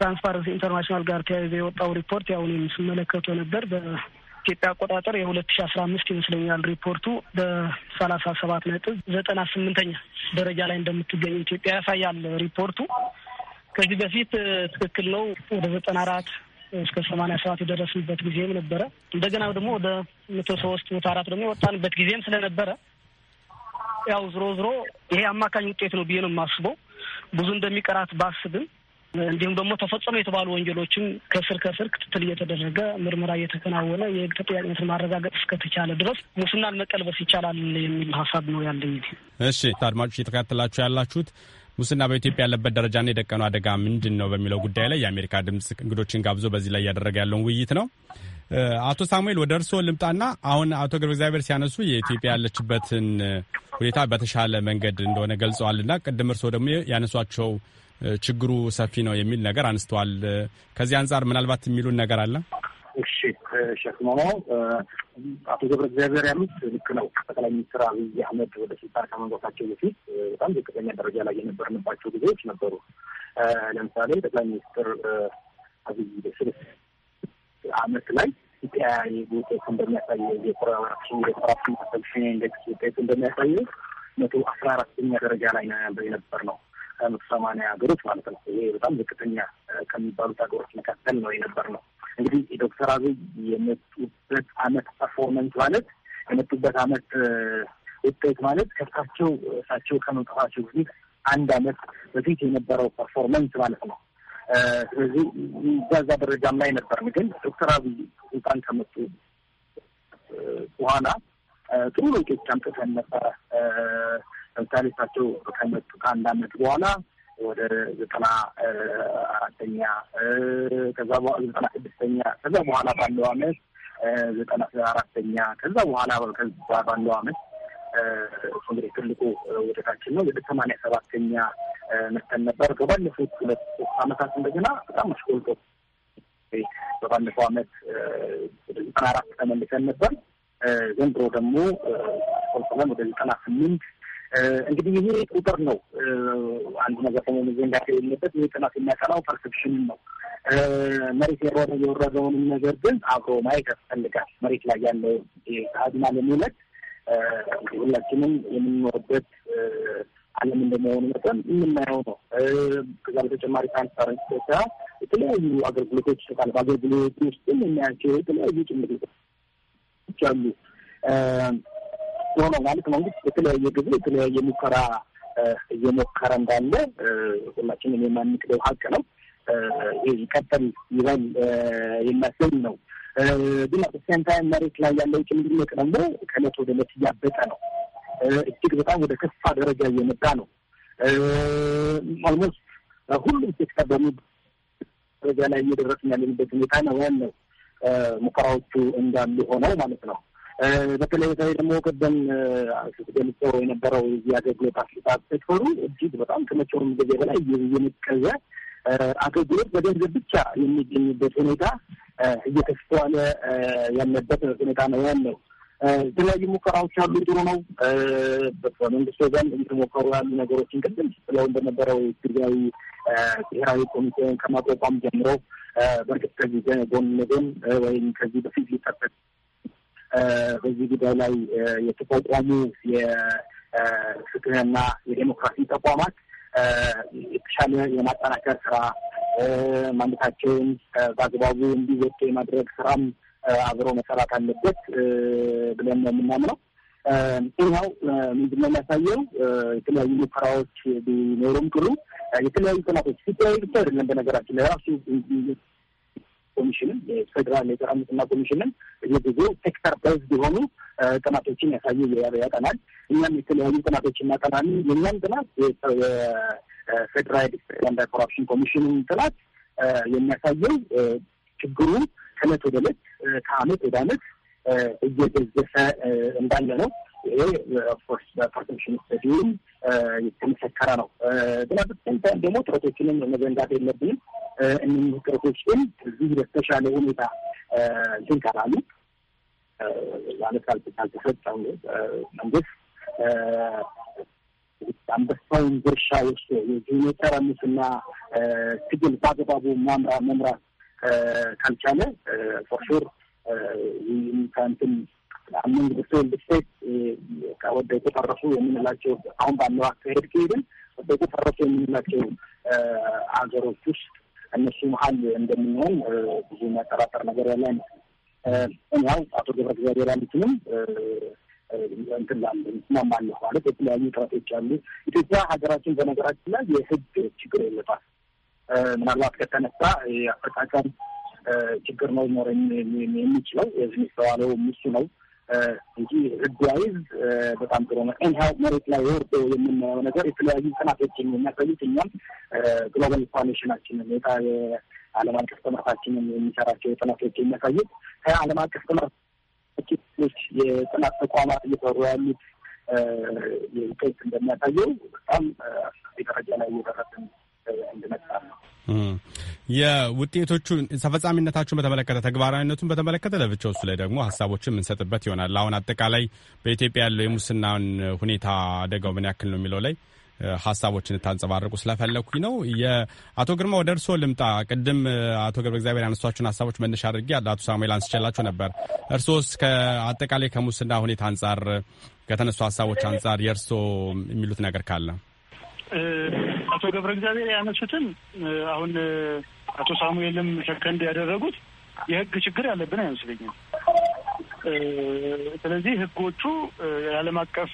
ትራንስፓረንሲ ኢንተርናሽናል ጋር ተያይዘ የወጣው ሪፖርት ያው እኔም ስመለከተው ነበር። በኢትዮጵያ አቆጣጠር የሁለት ሺ አስራ አምስት ይመስለኛል ሪፖርቱ በሰላሳ ሰባት ነጥብ ዘጠና ስምንተኛ ደረጃ ላይ እንደምትገኝ ኢትዮጵያ ያሳያል ሪፖርቱ። ከዚህ በፊት ትክክል ነው ወደ ዘጠና አራት እስከ ሰማንያ ሰባት የደረስንበት ጊዜም ነበረ። እንደገና ደግሞ ወደ መቶ ሶስት መቶ አራት ደግሞ የወጣንበት ጊዜም ስለነበረ ያው ዝሮ ዝሮ ይሄ አማካኝ ውጤት ነው ብዬ ነው የማስበው። ብዙ እንደሚቀራት ባስብም እንዲሁም ደግሞ ተፈጸሙ የተባሉ ወንጀሎችን ከስር ከስር ክትትል እየተደረገ ምርመራ እየተከናወነ የህግ ተጠያቂነትን ማረጋገጥ እስከተቻለ ድረስ ሙስናን መቀልበስ ይቻላል የሚል ሀሳብ ነው ያለኝ። እሺ አድማጮች እየተከታተላችሁ ያላችሁት ሙስና በኢትዮጵያ ያለበት ደረጃና የደቀነው አደጋ ምንድን ነው በሚለው ጉዳይ ላይ የአሜሪካ ድምፅ እንግዶችን ጋብዞ በዚህ ላይ እያደረገ ያለውን ውይይት ነው። አቶ ሳሙኤል ወደ እርስዎ ልምጣና አሁን አቶ ገብረ እግዚአብሔር ሲያነሱ የኢትዮጵያ ያለችበትን ሁኔታ በተሻለ መንገድ እንደሆነ ገልጸዋልና ቅድም እርስዎ ደግሞ ያነሷቸው ችግሩ ሰፊ ነው የሚል ነገር አንስተዋል። ከዚህ አንጻር ምናልባት የሚሉን ነገር አለ? እሺ ሸክሞ አቶ ገብረ እግዚአብሔር ያሉት ልክ ነው። ጠቅላይ ሚኒስትር አብይ አህመድ ወደ ስልጣን ከመንጎታቸው በፊት በጣም ዝቅተኛ ደረጃ ላይ የነበርንባቸው ጊዜዎች ነበሩ። ለምሳሌ ጠቅላይ ሚኒስትር አብይ በስልስ አመት ላይ ኢትዮጵያ ውጤቱ እንደሚያሳየው የኮራፕሽን የኮራፕሽን ኢንዴክስ ውጤት እንደሚያሳየው መቶ አስራ አራተኛ ደረጃ ላይ ነበር ነው ከመቶ ሰማንያ ሀገሮች ማለት ነው። ይሄ በጣም ዝቅተኛ ከሚባሉት ሀገሮች መካከል ነው የነበር ነው። እንግዲህ ዶክተር አብይ የመጡበት አመት ፐርፎርመንስ ማለት የመጡበት አመት ውጤት ማለት ከፍታቸው እሳቸው ከመምጣታቸው ጊዜ አንድ አመት በፊት የነበረው ፐርፎርመንስ ማለት ነው። ስለዚህ እዛዛ ደረጃም ላይ ነበርን። ግን ዶክተር አብይ ስልጣን ከመጡ በኋላ ጥሩ ለውጦች አምጥተን ነበረ። ለምሳሌ ከቤታቸው ከመጡ ከአንድ አመት በኋላ ወደ ዘጠና አራተኛ ከዛ ዘጠና ስድስተኛ ከዛ በኋላ ባለው አመት ዘጠና አራተኛ ከዛ በኋላ ከዛ ባለው አመት እሱ እንግዲህ ትልቁ ውደታችን ነው። ወደ ሰማንያ ሰባተኛ መተን ነበር። በባለፉት ሁለት አመታት እንደገና በጣም አሽቆልጦ በባለፈው አመት ወደ ዘጠና አራት ተመልሰን ነበር። ዘንድሮ ደግሞ ቆልቆለን ወደ ዘጠና ስምንት እንግዲህ ይሄ ቁጥር ነው። አንድ ነገር ደግሞ መዘንጋት የሌለበት ይህ ጥናት የሚያጠናው ፐርሰፕሽንን ነው። መሬት የወረደ የወረደውንም ነገር ግን አብሮ ማየት ያስፈልጋል። መሬት ላይ ያለው አድማ ለመውለት ሁላችንም የምንኖርበት ዓለም እንደመሆኑ መጠን የምናየው ነው። ከዛ በተጨማሪ ትራንስፓረንስ ስራ የተለያዩ አገልግሎቶች ይሰጣል። በአገልግሎት ውስጥም የሚያቸው የተለያዩ ጭምር አሉ። ሆኖ ማለት መንግስት የተለያየ ጊዜ የተለያየ ሙከራ እየሞከረ እንዳለ ሁላችንም የማንክደው ሀቅ ነው። ይቀጥል ይበል የሚያሰኝ ነው። ግን አተሴንታይም መሬት ላይ ያለው ጭምድነት ደግሞ ከእለት ወደ እለት እያበጠ ነው። እጅግ በጣም ወደ ከፋ ደረጃ እየመጣ ነው። ኦልሞስት ሁሉም ሴክተር በሚ ደረጃ ላይ እየደረስን ያለንበት ሁኔታ ነው ያለው ሙከራዎቹ እንዳሉ ሆነው ማለት ነው። በተለይ በተለይ ደግሞ ቅድም ገልጾ የነበረው የዚህ አገልግሎት አሰጣጥ ሴክተሩ እጅግ በጣም ከመቼውም ጊዜ በላይ እየመቀዘ አገልግሎት በገንዘብ ብቻ የሚገኝበት ሁኔታ እየተስተዋለ ያለበት ሁኔታ ነው ያለው። የተለያዩ ሙከራዎች አሉ፣ ጥሩ ነው። በመንግስት ወገን እየተሞከሩ ያሉ ነገሮችን ቅድም ስለው እንደነበረው ጊዜያዊ ብሔራዊ ኮሚቴን ከማቋቋም ጀምሮ በእርግጥ ከዚህ ጎን ለጎን ወይም ከዚህ በፊት ሊጠበቅ በዚህ ጉዳይ ላይ የተቋቋሙ የፍትህና የዴሞክራሲ ተቋማት የተሻለ የማጠናከር ስራ ማንነታቸውን በአግባቡ እንዲወጡ የማድረግ ስራም አብሮ መሰራት አለበት ብለን ነው የምናምነው። ይኸው ምንድነው የሚያሳየው የተለያዩ ሙከራዎች ቢኖሩም ቅሉ የተለያዩ ጥናቶች ሲተያዩ ብቻ አይደለም። በነገራችን ላይ ራሱ ኮሚሽንን የፌዴራል የጸረ ሙስና ኮሚሽንን የብዙ ሴክተር በዝ የሆኑ ጥናቶችን ያሳዩ ያጠናል። እኛም የተለያዩ ጥናቶችን እናጠናለን። የእኛም ጥናት የፌዴራል አንዳር ኮራፕሽን ኮሚሽንን ጥናት የሚያሳየው ችግሩ ከእለት ወደ እለት ከአመት ወደ አመት እየገዘፈ እንዳለ ነው። ይሄ ኦፍኮርስ በፐርሰፕሽን ስተዲ የተመሰከረ ነው። ደግሞ ጥረቶችንም መዘንጋት የለብንም። ጥረቶች ግን እዚህ በተሻለ ሁኔታ እንትን ማለት መንግስት አንበሳውን ድርሻ ውስጥ የዚህ ሙስና ትግል በአግባቡ ማምራ መምራት ካልቻለ ፎርሹር ከንትን አመንግ ወደቁ ፈረሱ የምንላቸው አሁን ባለው አካሄድ ከሄድን ወደቁ ፈረሱ የምንላቸው ሀገሮች ውስጥ እነሱ መሀል እንደምንሆን ብዙ የሚያጠራጠር ነገር ያለ ያው አቶ ገብረ እግዚአብሔር ያሉትንም እንትን ላለ እስማማለሁ ማለት የተለያዩ ጥረቶች አሉ። ኢትዮጵያ ሀገራችን በነገራችን ላይ የህግ ችግር የለባት። ምናልባት ከተነሳ የአፈጻጸም ችግር ነው ኖረ የሚችለው የዚህ የሚስተዋለው እሱ ነው። እንጂ ህግ በጣም ጥሩ ነው። ኤንሃ መሬት ላይ ወርዶ የምናየው ነገር የተለያዩ ጥናቶች የሚያሳዩት እኛም ግሎባል ፋውንዴሽናችንን የጣ የዓለም አቀፍ ትምህርታችንን የሚሰራቸው ጥናቶች የሚያሳዩት ከዓለም አቀፍ ጥምረቶች የጥናት ተቋማት እየሰሩ ያሉት ውጤት እንደሚያሳየው በጣም ደረጃ ላይ እየደረስን እንድመጣ ነው። የውጤቶቹ ተፈጻሚነታችሁን በተመለከተ ተግባራዊነቱን በተመለከተ ለብቻው እሱ ላይ ደግሞ ሀሳቦችን የምንሰጥበት ይሆናል። አሁን አጠቃላይ በኢትዮጵያ ያለው የሙስናን ሁኔታ አደጋው ምን ያክል ነው የሚለው ላይ ሀሳቦችን እንታንጸባርቁ ስለፈለኩኝ ነው። የአቶ ግርማ ወደ እርስዎ ልምጣ። ቅድም አቶ ገብረ እግዚአብሔር ያነሷቸውን ሀሳቦች መነሻ አድርጌ አቶ ሳሙኤል አንስቼላቸው ነበር። እርስዎስ ከአጠቃላይ ከሙስና ሁኔታ አንጻር ከተነሱ ሀሳቦች አንጻር የእርስዎ የሚሉት ነገር ካለ አቶ ገብረ እግዚአብሔር ያነሱትን አሁን አቶ ሳሙኤልም ሸከንድ ያደረጉት የህግ ችግር ያለብን አይመስለኝም። ስለዚህ ህጎቹ የዓለም አቀፍ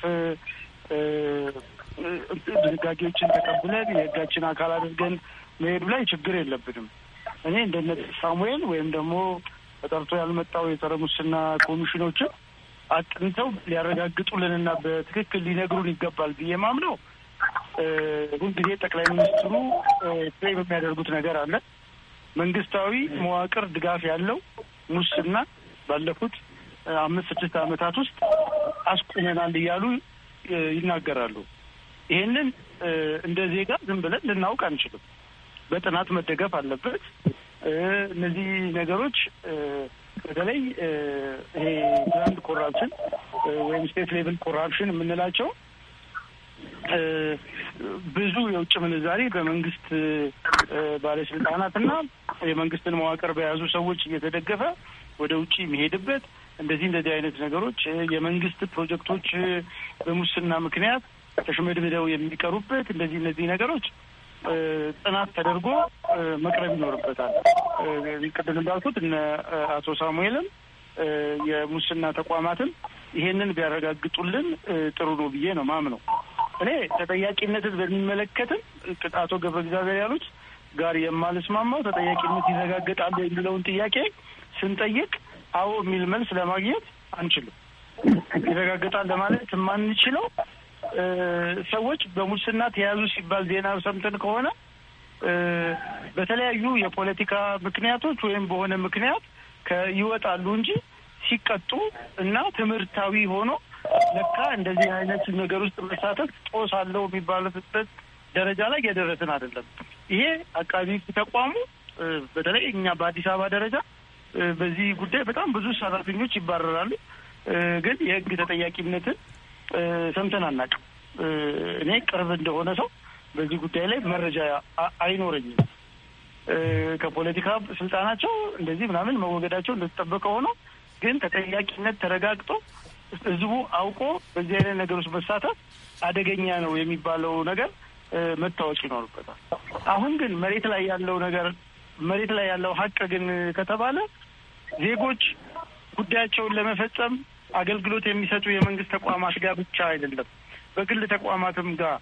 ድንጋጌዎችን ተቀብለን የህጋችን አካል አድርገን መሄዱ ላይ ችግር የለብንም። እኔ እንደነ ሳሙኤል ወይም ደግሞ ተጠርቶ ያልመጣው የጸረ ሙስና ኮሚሽኖችን አጥንተው ሊያረጋግጡልንና በትክክል ሊነግሩን ይገባል ብዬ ማምነው ሁልጊዜ ጠቅላይ ሚኒስትሩ ፕሬም የሚያደርጉት ነገር አለ። መንግስታዊ መዋቅር ድጋፍ ያለው ሙስና ባለፉት አምስት ስድስት ዓመታት ውስጥ አስቁመናል እያሉ ይናገራሉ። ይህንን እንደ ዜጋ ዝም ብለን ልናውቅ አንችልም። በጥናት መደገፍ አለበት። እነዚህ ነገሮች በተለይ ይሄ ግራንድ ኮራፕሽን ወይም ስቴት ሌቭል ኮራፕሽን የምንላቸው ብዙ የውጭ ምንዛሬ በመንግስት ባለስልጣናትና የመንግስትን መዋቅር በያዙ ሰዎች እየተደገፈ ወደ ውጭ የሚሄድበት እንደዚህ እንደዚህ አይነት ነገሮች የመንግስት ፕሮጀክቶች በሙስና ምክንያት ተሽመድምደው የሚቀሩበት እንደዚህ እነዚህ ነገሮች ጥናት ተደርጎ መቅረብ ይኖርበታል። ቅድም እንዳልኩት እነ አቶ ሳሙኤልም የሙስና ተቋማትም ይሄንን ቢያረጋግጡልን ጥሩ ነው ብዬ ነው ማምነው። እኔ ተጠያቂነትን በሚመለከትም አቶ ገብረ እግዚአብሔር ያሉት ጋር የማልስማማው ተጠያቂነት ይረጋገጣል የሚለውን ጥያቄ ስንጠይቅ አዎ የሚል መልስ ለማግኘት አንችልም። ይረጋገጣል ለማለት የማንችለው ሰዎች በሙስና ተያዙ ሲባል ዜና ሰምተን ከሆነ በተለያዩ የፖለቲካ ምክንያቶች ወይም በሆነ ምክንያት ይወጣሉ እንጂ ሲቀጡ እና ትምህርታዊ ሆኖ ለካ እንደዚህ አይነት ነገር ውስጥ መሳተፍ ጦስ አለው የሚባልበት ደረጃ ላይ የደረስን አይደለም። ይሄ አቃቢ ተቋሙ በተለይ እኛ በአዲስ አበባ ደረጃ በዚህ ጉዳይ በጣም ብዙ ሰራተኞች ይባረራሉ። ግን የህግ ተጠያቂነትን ሰምተን አናውቅም። እኔ ቅርብ እንደሆነ ሰው በዚህ ጉዳይ ላይ መረጃ አይኖረኝም። ከፖለቲካ ስልጣናቸው እንደዚህ ምናምን መወገዳቸው እንደተጠበቀ ሆኖ ግን ተጠያቂነት ተረጋግጦ ህዝቡ አውቆ በዚህ አይነት ነገሮች መሳተፍ አደገኛ ነው የሚባለው ነገር መታወቅ ይኖርበታል። አሁን ግን መሬት ላይ ያለው ነገር መሬት ላይ ያለው ሀቅ ግን ከተባለ ዜጎች ጉዳያቸውን ለመፈጸም አገልግሎት የሚሰጡ የመንግስት ተቋማት ጋር ብቻ አይደለም፣ በግል ተቋማትም ጋር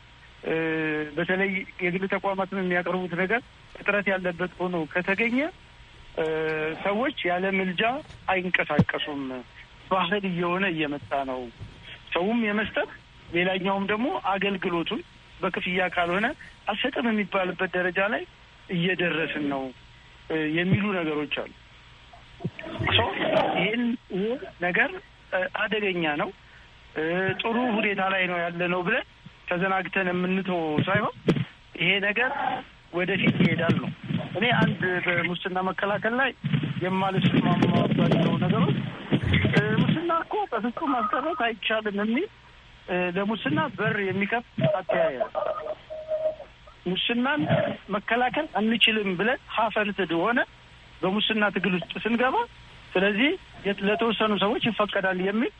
በተለይ የግል ተቋማትን የሚያቀርቡት ነገር እጥረት ያለበት ሆኖ ከተገኘ ሰዎች ያለ ምልጃ አይንቀሳቀሱም። ባህል እየሆነ እየመጣ ነው። ሰውም የመስጠት ሌላኛውም ደግሞ አገልግሎቱን በክፍያ ካልሆነ አልሰጥም የሚባልበት ደረጃ ላይ እየደረስን ነው የሚሉ ነገሮች አሉ። ይህን ነገር አደገኛ ነው። ጥሩ ሁኔታ ላይ ነው ያለ ነው ብለን ተዘናግተን የምንተው ሳይሆን ይሄ ነገር ወደፊት ይሄዳል ነው። እኔ አንድ በሙስና መከላከል ላይ የማልስማማባቸው ነገሮች ሙስና እኮ በፍጹም ማስቀረት አይቻልም የሚል ለሙስና በር የሚከፍት አተያያ። ሙስናን መከላከል አንችልም ብለን ሀፈልትድ ሆነ በሙስና ትግል ውስጥ ስንገባ፣ ስለዚህ ለተወሰኑ ሰዎች ይፈቀዳል የሚል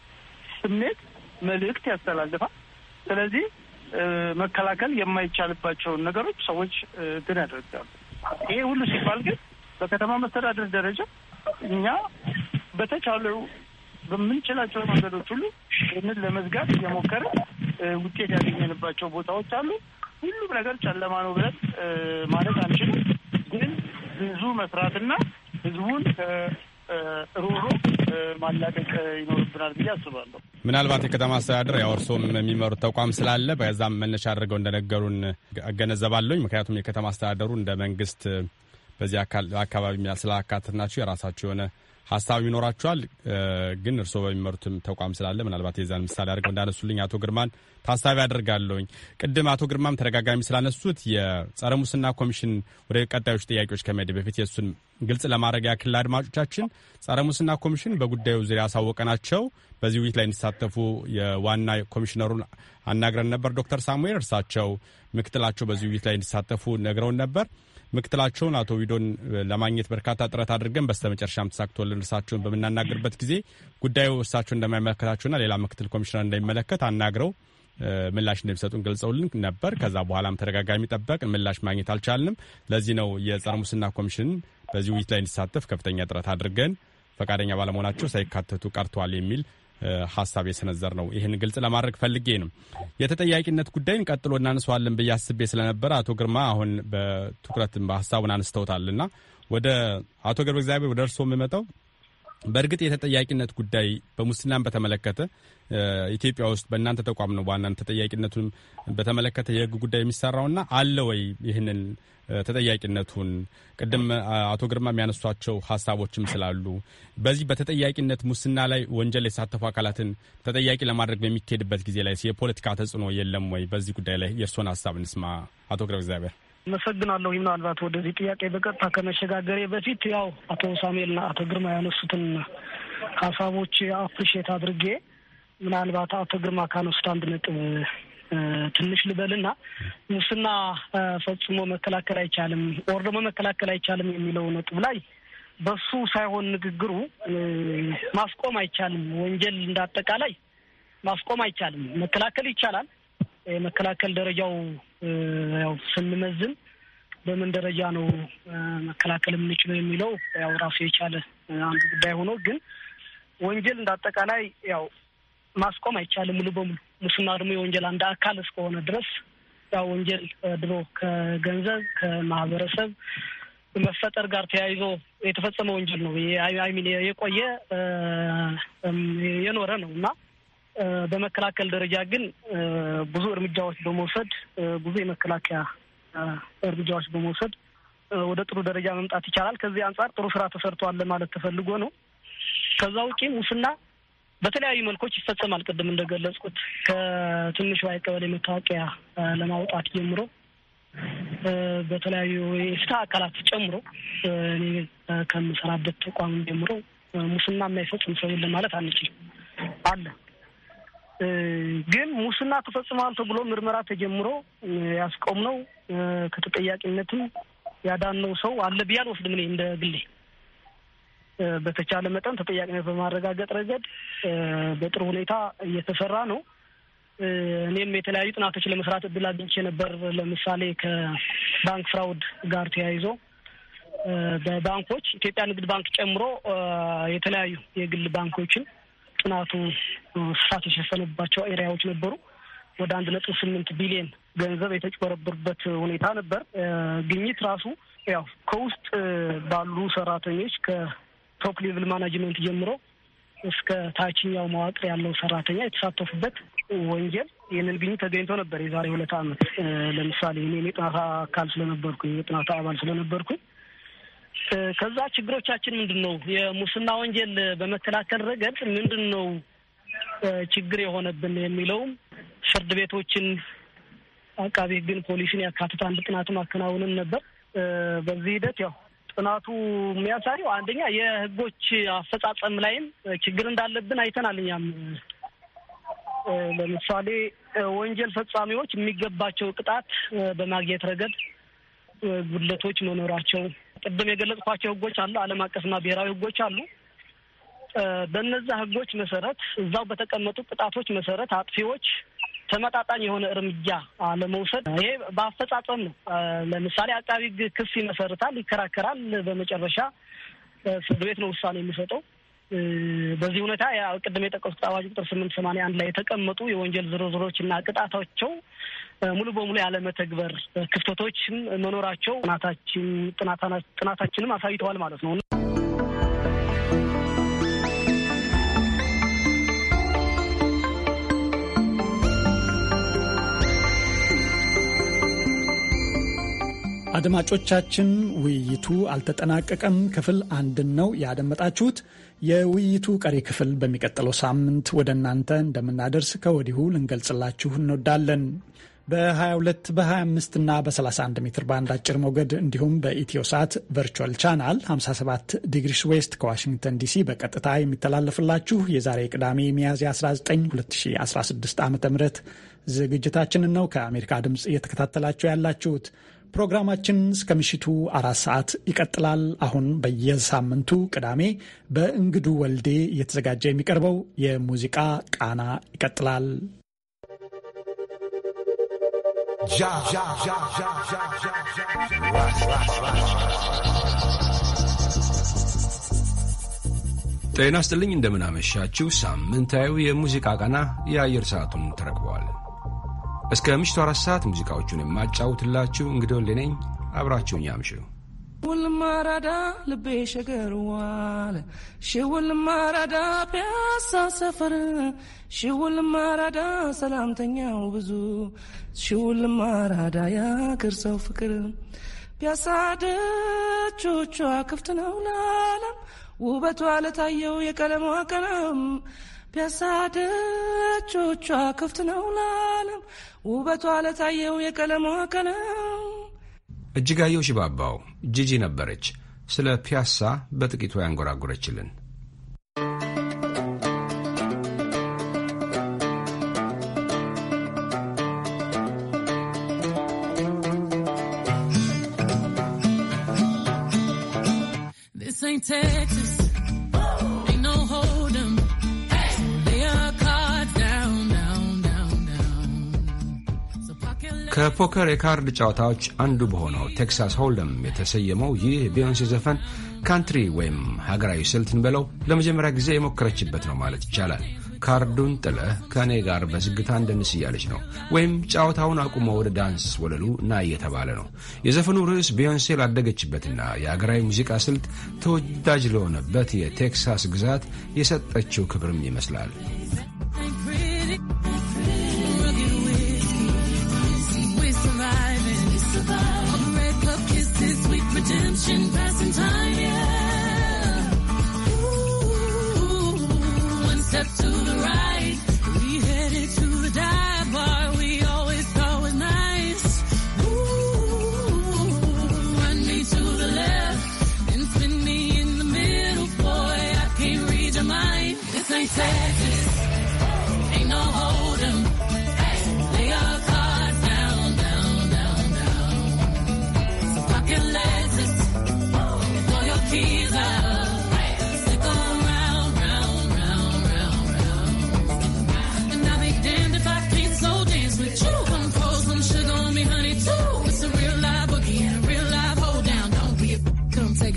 ስሜት መልእክት ያስተላልፋል። ስለዚህ መከላከል የማይቻልባቸውን ነገሮች ሰዎች ግን ያደርጋሉ። ይሄ ሁሉ ሲባል ግን በከተማ መስተዳደር ደረጃ እኛ በተቻለው በምንችላቸው መንገዶች ሁሉ ይህንን ለመዝጋት እየሞከረ ውጤት ያገኘንባቸው ቦታዎች አሉ። ሁሉም ነገር ጨለማ ነው ብለን ማለት አንችልም። ግን ብዙ መስራትና ህዝቡን ሮሮ ማላቀቅ ይኖርብናል ብዬ አስባለሁ። ምናልባት የከተማ አስተዳደር ያው እርስዎም የሚመሩት ተቋም ስላለ በዛም መነሻ አድርገው እንደነገሩን አገነዘባለሁኝ። ምክንያቱም የከተማ አስተዳደሩ እንደ መንግስት በዚህ አካባቢ ስለ አካትናቸው የራሳቸው የሆነ ሀሳብ ይኖራችኋል። ግን እርስዎ በሚመሩትም ተቋም ስላለ ምናልባት የዛን ምሳሌ አድርገው እንዳነሱልኝ አቶ ግርማን ታሳቢ አደርጋለሁኝ። ቅድም አቶ ግርማም ተደጋጋሚ ስላነሱት የጸረ ሙስና ኮሚሽን ወደ ቀጣዮች ጥያቄዎች ከመሄድ በፊት የእሱን ግልጽ ለማድረግ ያክል አድማጮቻችን፣ ጸረ ሙስና ኮሚሽን በጉዳዩ ዙሪያ ያሳወቀናቸው በዚህ ውይይት ላይ እንዲሳተፉ የዋና ኮሚሽነሩን አናግረን ነበር። ዶክተር ሳሙኤል እርሳቸው ምክትላቸው በዚህ ውይይት ላይ እንዲሳተፉ ነግረውን ነበር። ምክትላቸውን አቶ ዊዶን ለማግኘት በርካታ ጥረት አድርገን በስተመጨረሻም ተሳክቶልን እርሳቸውን በምናናገርበት ጊዜ ጉዳዩ እርሳቸው እንደማይመለከታቸውና ሌላ ምክትል ኮሚሽነር እንደሚመለከት አናግረው ምላሽ እንደሚሰጡን ገልጸውልን ነበር። ከዛ በኋላም ተደጋጋሚ ጠበቅ ምላሽ ማግኘት አልቻልንም። ለዚህ ነው የጸረ ሙስና ኮሚሽን በዚህ ውይይት ላይ እንዲሳተፍ ከፍተኛ ጥረት አድርገን ፈቃደኛ ባለመሆናቸው ሳይካተቱ ቀርተዋል የሚል ሀሳብ የሰነዘር ነው። ይህን ግልጽ ለማድረግ ፈልጌ ነው። የተጠያቂነት ጉዳይን ቀጥሎ እናንሰዋለን ብዬ አስቤ ስለነበረ አቶ ግርማ አሁን በትኩረት በሀሳቡን አንስተውታል እና ወደ አቶ ገብረ እግዚአብሔር ወደ እርስዎ የምመጣው በእርግጥ የተጠያቂነት ጉዳይ በሙስናን በተመለከተ ኢትዮጵያ ውስጥ በእናንተ ተቋም ነው በዋናነት ተጠያቂነቱን በተመለከተ የህግ ጉዳይ የሚሰራውና አለ ወይ ይህንን ተጠያቂነቱን ቅድም አቶ ግርማ የሚያነሷቸው ሀሳቦችም ስላሉ በዚህ በተጠያቂነት ሙስና ላይ ወንጀል የተሳተፉ አካላትን ተጠያቂ ለማድረግ በሚካሄድበት ጊዜ ላይ የፖለቲካ ተጽዕኖ የለም ወይ? በዚህ ጉዳይ ላይ የእርስዎን ሀሳብ እንስማ። አቶ ግረብ እግዚአብሔር አመሰግናለሁ። ምናልባት ወደዚህ ጥያቄ በቀጥታ ከመሸጋገሬ በፊት ያው አቶ ሳሙኤልና አቶ ግርማ ያነሱትን ሀሳቦች አፕሪሽት አድርጌ ምናልባት አቶ ግርማ ካነሱት አንድ ነጥብ ትንሽ ልበልና ሙስና ፈጽሞ መከላከል አይቻልም ኦር ደግሞ መከላከል አይቻልም የሚለው ነጥብ ላይ በሱ ሳይሆን ንግግሩ ማስቆም አይቻልም፣ ወንጀል እንዳጠቃላይ ማስቆም አይቻልም። መከላከል ይቻላል። የመከላከል ደረጃው ያው ስንመዝን በምን ደረጃ ነው መከላከል የምንችለው የሚለው ያው ራሱ የቻለ አንዱ ጉዳይ ሆኖ ግን ወንጀል እንዳጠቃላይ ያው ማስቆም አይቻልም ሙሉ በሙሉ። ሙስና ደግሞ የወንጀል አንድ አካል እስከሆነ ድረስ ያው ወንጀል ድሮ ከገንዘብ ከማህበረሰብ መፈጠር ጋር ተያይዞ የተፈጸመ ወንጀል ነው። አይሚን የቆየ የኖረ ነው እና በመከላከል ደረጃ ግን ብዙ እርምጃዎች በመውሰድ ብዙ የመከላከያ እርምጃዎች በመውሰድ ወደ ጥሩ ደረጃ መምጣት ይቻላል። ከዚህ አንጻር ጥሩ ስራ ተሰርቷል ለማለት ተፈልጎ ነው። ከዛ ውጪ ሙስና በተለያዩ መልኮች ይፈጸማል። ቅድም እንደገለጽኩት ከትንሹ ቀበሌ መታወቂያ ለማውጣት ጀምሮ በተለያዩ የፍትህ አካላት ጨምሮ እኔ ከምሰራበት ተቋም ጀምሮ ሙስና የማይፈጽም ሰው የለም ማለት አንችልም። አለ ግን ሙስና ተፈጽመዋል ተብሎ ምርመራ ተጀምሮ ያስቆምነው ከተጠያቂነትም ያዳነው ሰው አለ ብያል አልወስድም እንደ ግሌ በተቻለ መጠን ተጠያቂነት በማረጋገጥ ረገድ በጥሩ ሁኔታ እየተሰራ ነው። እኔም የተለያዩ ጥናቶች ለመስራት እድል አግኝቼ ነበር። ለምሳሌ ከባንክ ፍራውድ ጋር ተያይዞ በባንኮች ኢትዮጵያ ንግድ ባንክ ጨምሮ የተለያዩ የግል ባንኮችን ጥናቱ ስፋት የሸፈነባቸው ኤሪያዎች ነበሩ። ወደ አንድ ነጥብ ስምንት ቢሊየን ገንዘብ የተጭበረበሩበት ሁኔታ ነበር። ግኝት ራሱ ያው ከውስጥ ባሉ ሰራተኞች ቶፕ ሌቭል ማናጅመንት ጀምሮ እስከ ታችኛው መዋቅር ያለው ሰራተኛ የተሳተፉበት ወንጀል ይህንን ግኝ ተገኝቶ ነበር። የዛሬ ሁለት ዓመት ለምሳሌ እኔ የጥናት አካል ስለነበርኩኝ የጥናት አባል ስለነበርኩኝ ከዛ ችግሮቻችን ምንድን ነው? የሙስና ወንጀል በመከላከል ረገድ ምንድን ነው ችግር የሆነብን የሚለውም ፍርድ ቤቶችን፣ አቃቤ ሕግን፣ ፖሊስን ያካትት አንድ ጥናትም አከናውንም ነበር። በዚህ ሂደት ያው ጥናቱ የሚያሳየው አንደኛ የህጎች አፈጻጸም ላይም ችግር እንዳለብን አይተናል። እኛም ለምሳሌ ወንጀል ፈጻሚዎች የሚገባቸው ቅጣት በማግኘት ረገድ ጉድለቶች መኖራቸው፣ ቅድም የገለጽኳቸው ህጎች አሉ፣ ዓለም አቀፍና ብሔራዊ ህጎች አሉ። በእነዛ ህጎች መሰረት እዛው በተቀመጡ ቅጣቶች መሰረት አጥፊዎች ተመጣጣኝ የሆነ እርምጃ አለመውሰድ ይሄ በአፈጻጸም ነው። ለምሳሌ አቃቢ ሕግ ክስ ይመሰርታል፣ ይከራከራል። በመጨረሻ ፍርድ ቤት ነው ውሳኔ የሚሰጠው። በዚህ ሁኔታ ቅድም የጠቀስኩት አዋጅ ቁጥር ስምንት ሰማንያ አንድ ላይ የተቀመጡ የወንጀል ዝርዝሮች እና ቅጣታቸው ሙሉ በሙሉ ያለመተግበር ክፍተቶችም መኖራቸው ጥናታችንም አሳይተዋል ማለት ነው። አድማጮቻችን፣ ውይይቱ አልተጠናቀቀም። ክፍል አንድን ነው ያደመጣችሁት። የውይይቱ ቀሪ ክፍል በሚቀጥለው ሳምንት ወደ እናንተ እንደምናደርስ ከወዲሁ ልንገልጽላችሁ እንወዳለን። በ22 በ25 እና በ31 ሜትር ባንድ አጭር ሞገድ እንዲሁም ሰዓት ቨርቹዋል ቻናል 57 ዲግሪስ ዌስት ከዋሽንግተን ዲሲ በቀጥታ የሚተላለፍላችሁ የዛሬ ቅዳሜ ሚያዝያ 19 2016 ዓ ም ዝግጅታችንን ነው ከአሜሪካ ድምፅ እየተከታተላችሁ ያላችሁት። ፕሮግራማችን እስከ ምሽቱ አራት ሰዓት ይቀጥላል። አሁን በየሳምንቱ ቅዳሜ በእንግዱ ወልዴ እየተዘጋጀ የሚቀርበው የሙዚቃ ቃና ይቀጥላል። ጤና ስጥልኝ፣ እንደምናመሻችሁ። ሳምንታዊ የሙዚቃ ቃና የአየር ሰዓቱን ተረክበዋል። እስከ ምሽቱ አራት ሰዓት ሙዚቃዎቹን የማጫውትላችሁ እንግዲህ ልነኝ አብራችሁን ያምሹ። ወልማራዳ ልቤ ሸገርዋል ሽውልማራዳ ፒያሳ ሰፈር ሽውልማራዳ ሰላምተኛው ብዙ ሽውልማራዳ ያገር ሰው ፍቅር ፒያሳ ደጆቿ ክፍት ነው ለዓለም ውበቷ ለታየው የቀለሟ ቀለም ፒያሳ ደጆቿ ክፍት ነው ለዓለም ውበቷ ለታየው የቀለሟ ቀለም እጅጋየው ሽባባው ጂጂ ነበረች። ስለ ፒያሳ በጥቂቱ ያንጎራጉረችልን። ከፖከር የካርድ ጨዋታዎች አንዱ በሆነው ቴክሳስ ሆልደም የተሰየመው ይህ ቢዮንሴ ዘፈን ካንትሪ ወይም ሀገራዊ ስልት ብለው ለመጀመሪያ ጊዜ የሞከረችበት ነው ማለት ይቻላል። ካርዱን ጥለህ ከእኔ ጋር በዝግታ እንደንስ እያለች ነው። ወይም ጨዋታውን አቁሞ ወደ ዳንስ ወለሉ ና እየተባለ ነው። የዘፈኑ ርዕስ ቢዮንሴ ላደገችበትና የሀገራዊ ሙዚቃ ስልት ተወዳጅ ለሆነበት የቴክሳስ ግዛት የሰጠችው ክብርም ይመስላል። time.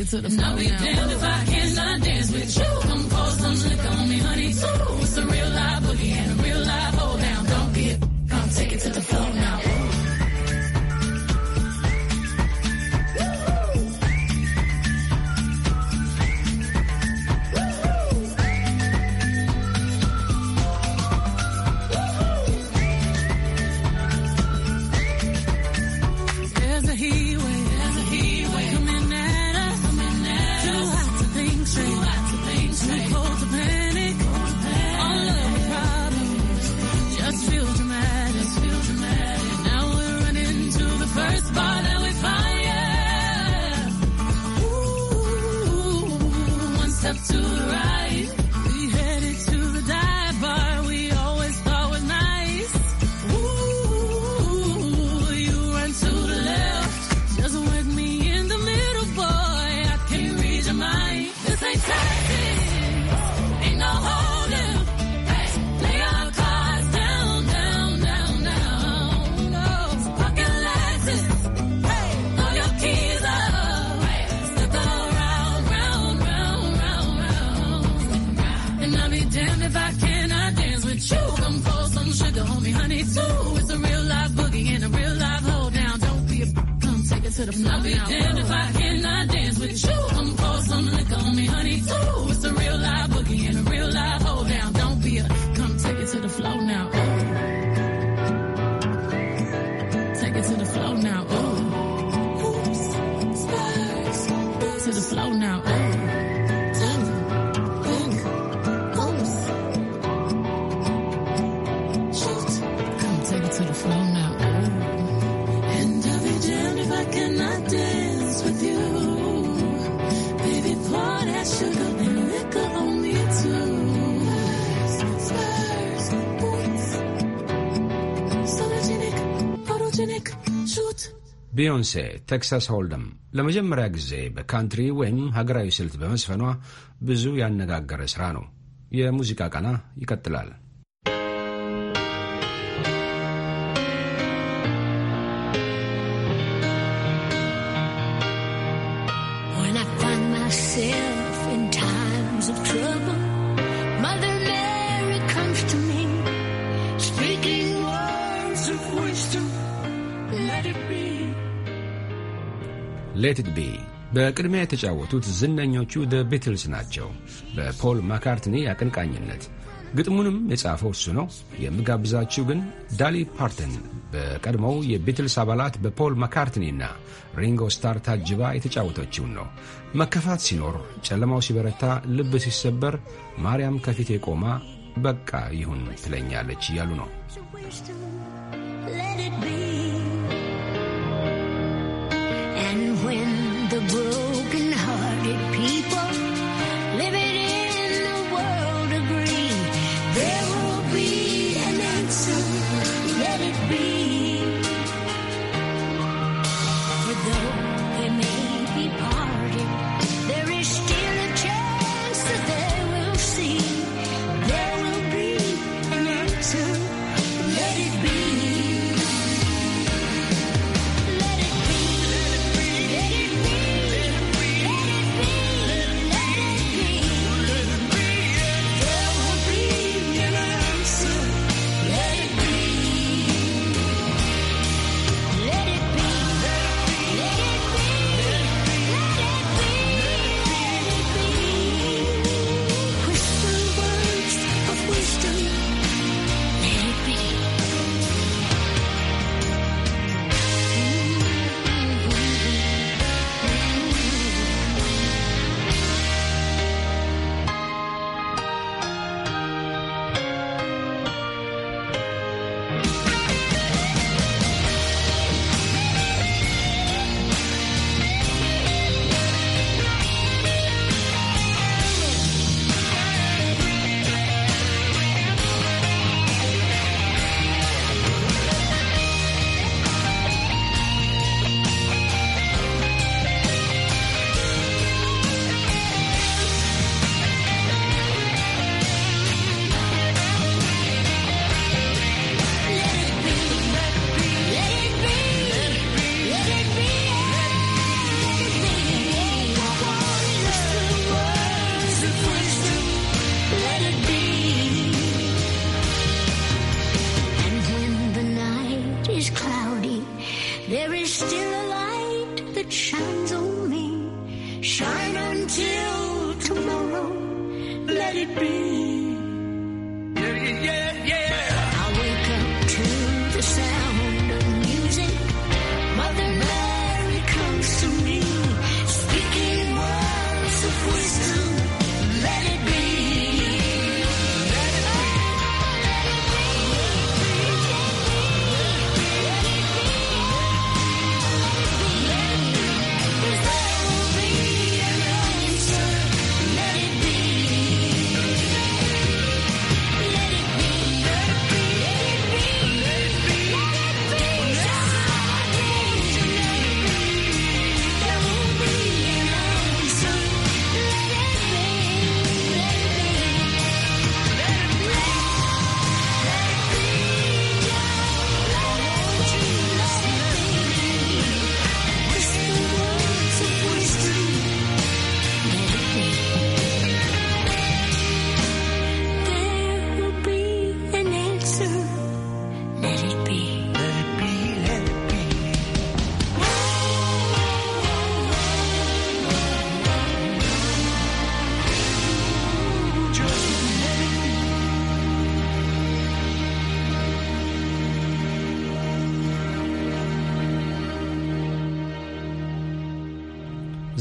to the floor. I'll be damned if I cannot dance with you. Come pour some liquor on me, honey, too. ቢዮንሴ ቴክሳስ ሆልደም ለመጀመሪያ ጊዜ በካንትሪ ወይም ሀገራዊ ስልት በመዝፈኗ ብዙ ያነጋገረ ሥራ ነው። የሙዚቃ ቀና ይቀጥላል። ሌትድ ቢ በቅድሚያ የተጫወቱት ዝነኞቹ ደ ቢትልስ ናቸው በፖል ማካርትኒ አቀንቃኝነት። ግጥሙንም የጻፈው እሱ ነው። የምጋብዛችሁ ግን ዳሊ ፓርተን በቀድሞው የቢትልስ አባላት በፖል ማካርትኒና ሪንጎ ስታር ታጅባ የተጫወተችውን ነው። መከፋት ሲኖር፣ ጨለማው ሲበረታ፣ ልብ ሲሰበር ማርያም ከፊቴ ቆማ በቃ ይሁን ትለኛለች እያሉ ነው። when the broken-hearted people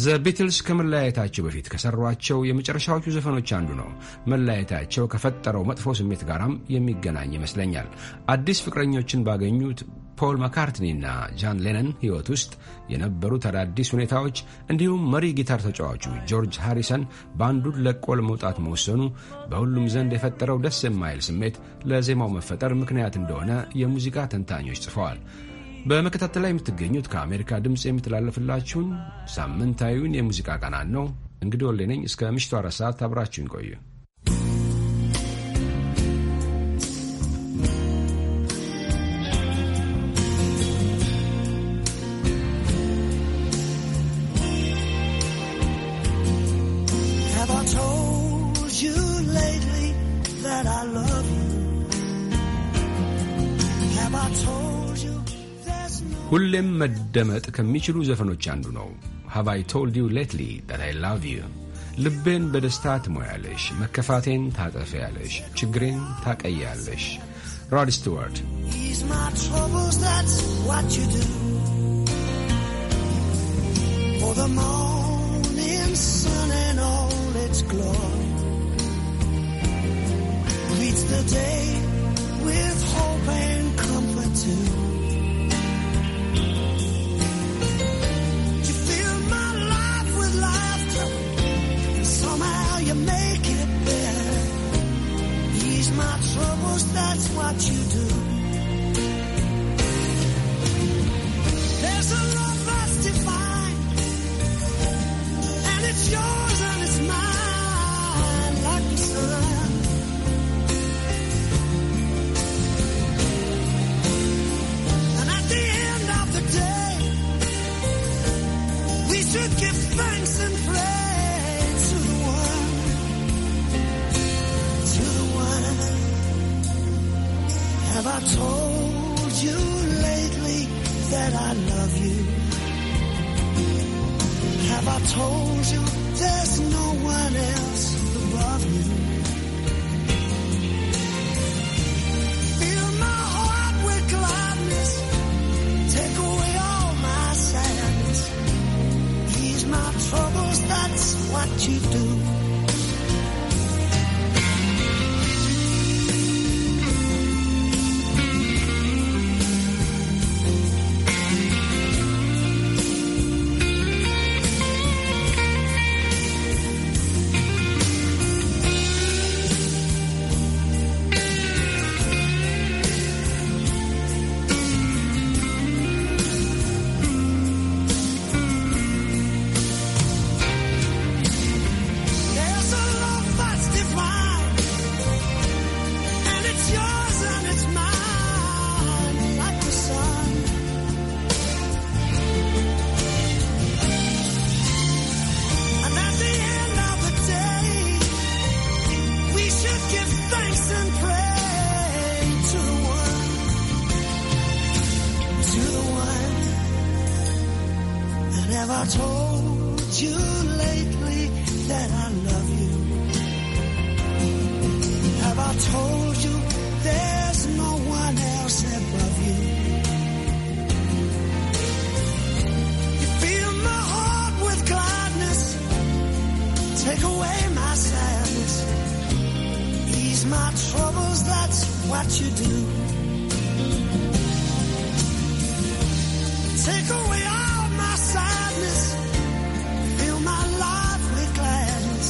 ዘ ቢትልስ ከመለያየታቸው በፊት ከሰሯቸው የመጨረሻዎቹ ዘፈኖች አንዱ ነው። መለያየታቸው ከፈጠረው መጥፎ ስሜት ጋራም የሚገናኝ ይመስለኛል። አዲስ ፍቅረኞችን ባገኙት ፖል መካርትኒ እና ጃን ሌነን ሕይወት ውስጥ የነበሩት አዳዲስ ሁኔታዎች እንዲሁም መሪ ጊታር ተጫዋቹ ጆርጅ ሃሪሰን ባንዱን ለቆ ለመውጣት መወሰኑ በሁሉም ዘንድ የፈጠረው ደስ የማይል ስሜት ለዜማው መፈጠር ምክንያት እንደሆነ የሙዚቃ ተንታኞች ጽፈዋል። በመከታተል ላይ የምትገኙት ከአሜሪካ ድምፅ የሚተላለፍላችሁን ሳምንታዊውን የሙዚቃ ቀናት ነው። እንግዲህ ወሌነኝ እስከ ምሽቱ አራት ሰዓት አብራችሁን ቆዩ። ሁሌም መደመጥ ከሚችሉ ዘፈኖች አንዱ ነው። ሃቭ አይ ቶልድ ዩ ሌትሊ ዳት አይ ላቭ ዩ። ልቤን በደስታ ትሞያለሽ፣ መከፋቴን ታጠፊያለሽ፣ ችግሬን ታቀያለሽ። ሮድ ስቱዋርት Reach the day with hope and comfort too how you make it better. Ease my troubles, that's what you do. There's a love that's divine, and it's yours. that's what you do. Take away all my sadness, fill my life with gladness.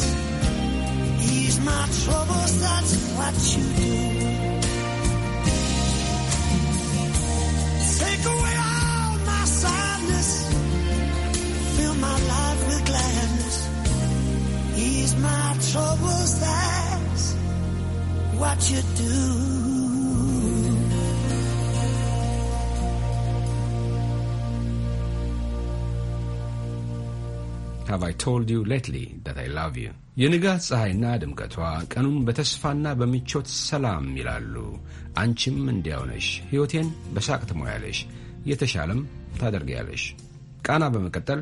Ease my troubles, that's what you do. Take away all my sadness, fill my life with gladness. Ease my troubles, that's what you do. Have I told you lately that I love you? የንጋት ፀሐይና ድምቀቷ ቀኑን በተስፋና በምቾት ሰላም ይላሉ። አንቺም እንዲያው ነሽ። ሕይወቴን በሳቅ ትሞያለሽ፣ የተሻለም ታደርጊያለሽ። ቃና በመቀጠል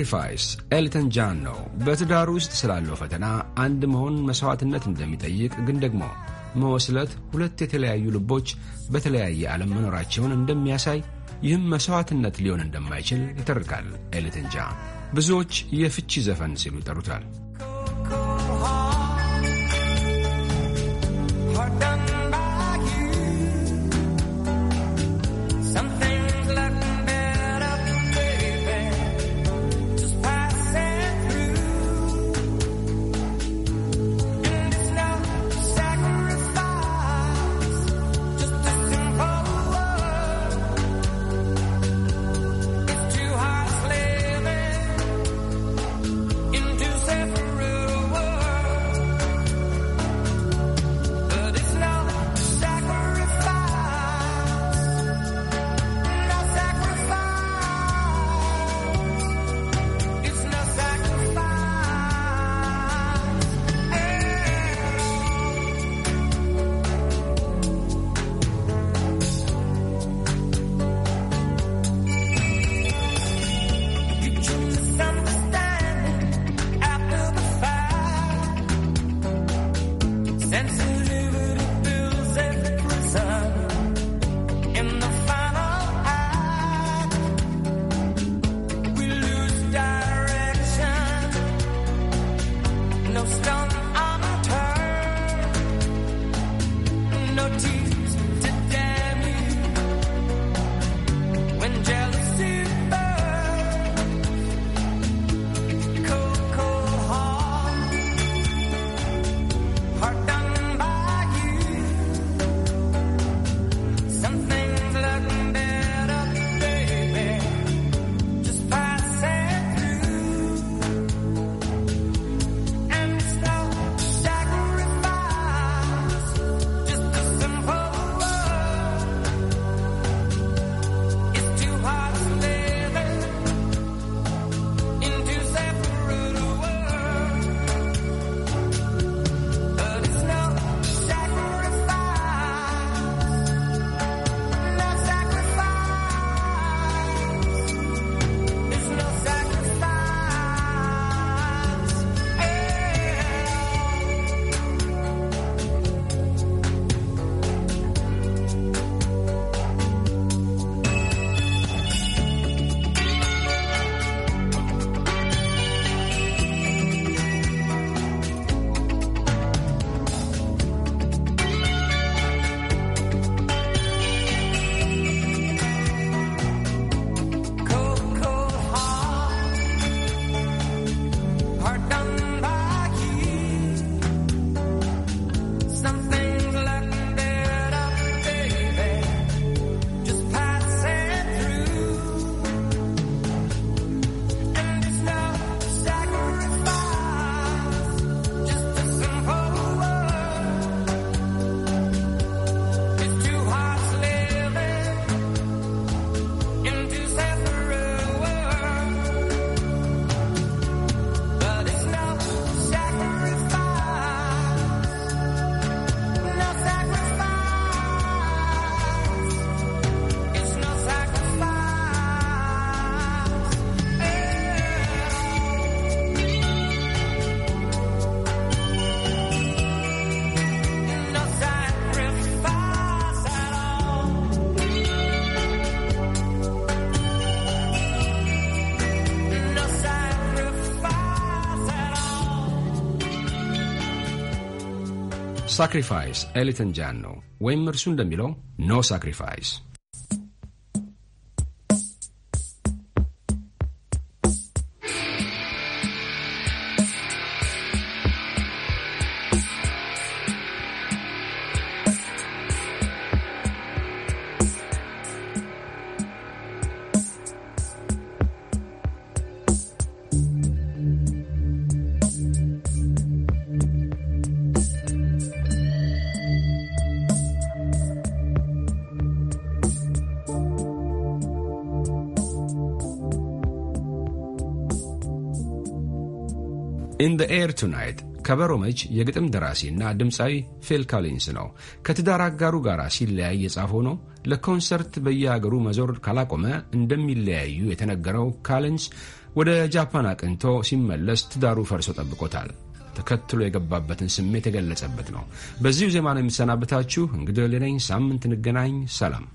ሳክሪፋይስ ኤልተን ጃን ነው። በትዳር ውስጥ ስላለው ፈተና አንድ መሆን መሥዋዕትነት እንደሚጠይቅ ግን ደግሞ መወስለት ሁለት የተለያዩ ልቦች በተለያየ ዓለም መኖራቸውን እንደሚያሳይ ይህም መሥዋዕትነት ሊሆን እንደማይችል ይተርካል ኤልተን ጃን። ብዙዎች የፍቺ ዘፈን ሲሉ ይጠሩታል። ሳክሪፋይስ ኤሊተን ጃን ነው ወይም እርሱ እንደሚለው ኖ ሳክሪፋይስ ዘ ኤር ቱናይት ከበሮ መች የግጥም ደራሲና ድምፃዊ ፌል ካሊንስ ነው። ከትዳር አጋሩ ጋር ሲለያይ የጻፈው ነው። ለኮንሰርት በየአገሩ መዞር ካላቆመ እንደሚለያዩ የተነገረው ካሊንስ ወደ ጃፓን አቅንቶ ሲመለስ ትዳሩ ፈርሶ ጠብቆታል። ተከትሎ የገባበትን ስሜት የገለጸበት ነው። በዚሁ ዜማ ነው የምሰናበታችሁ። እንግዲህ ሌላኝ ሳምንት እንገናኝ። ሰላም።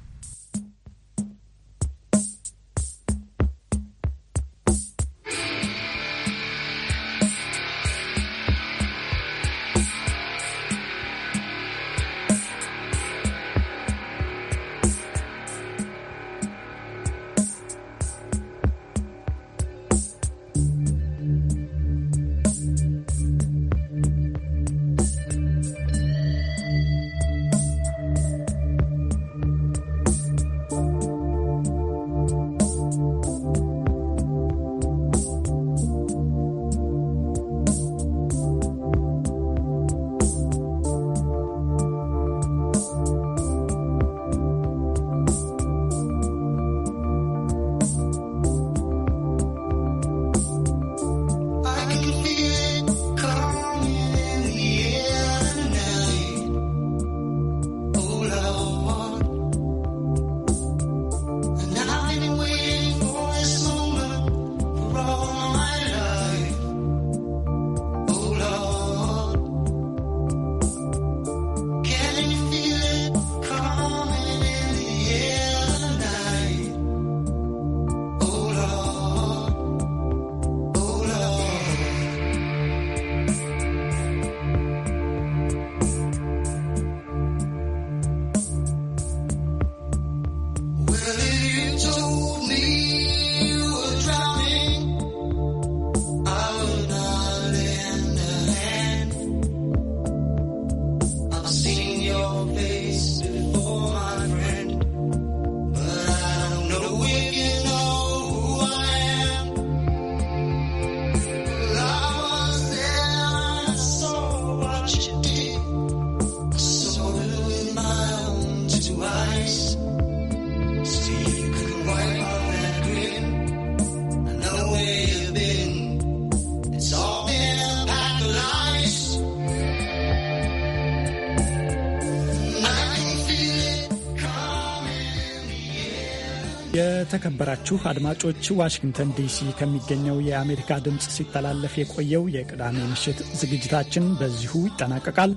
የተከበራችሁ አድማጮች ዋሽንግተን ዲሲ ከሚገኘው የአሜሪካ ድምፅ ሲተላለፍ የቆየው የቅዳሜ ምሽት ዝግጅታችን በዚሁ ይጠናቀቃል።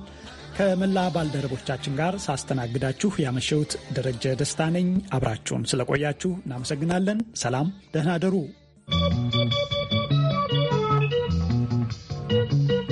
ከመላ ባልደረቦቻችን ጋር ሳስተናግዳችሁ ያመሸሁት ደረጀ ደስታ ነኝ። አብራችሁን ስለቆያችሁ እናመሰግናለን። ሰላም፣ ደህና ደሩ።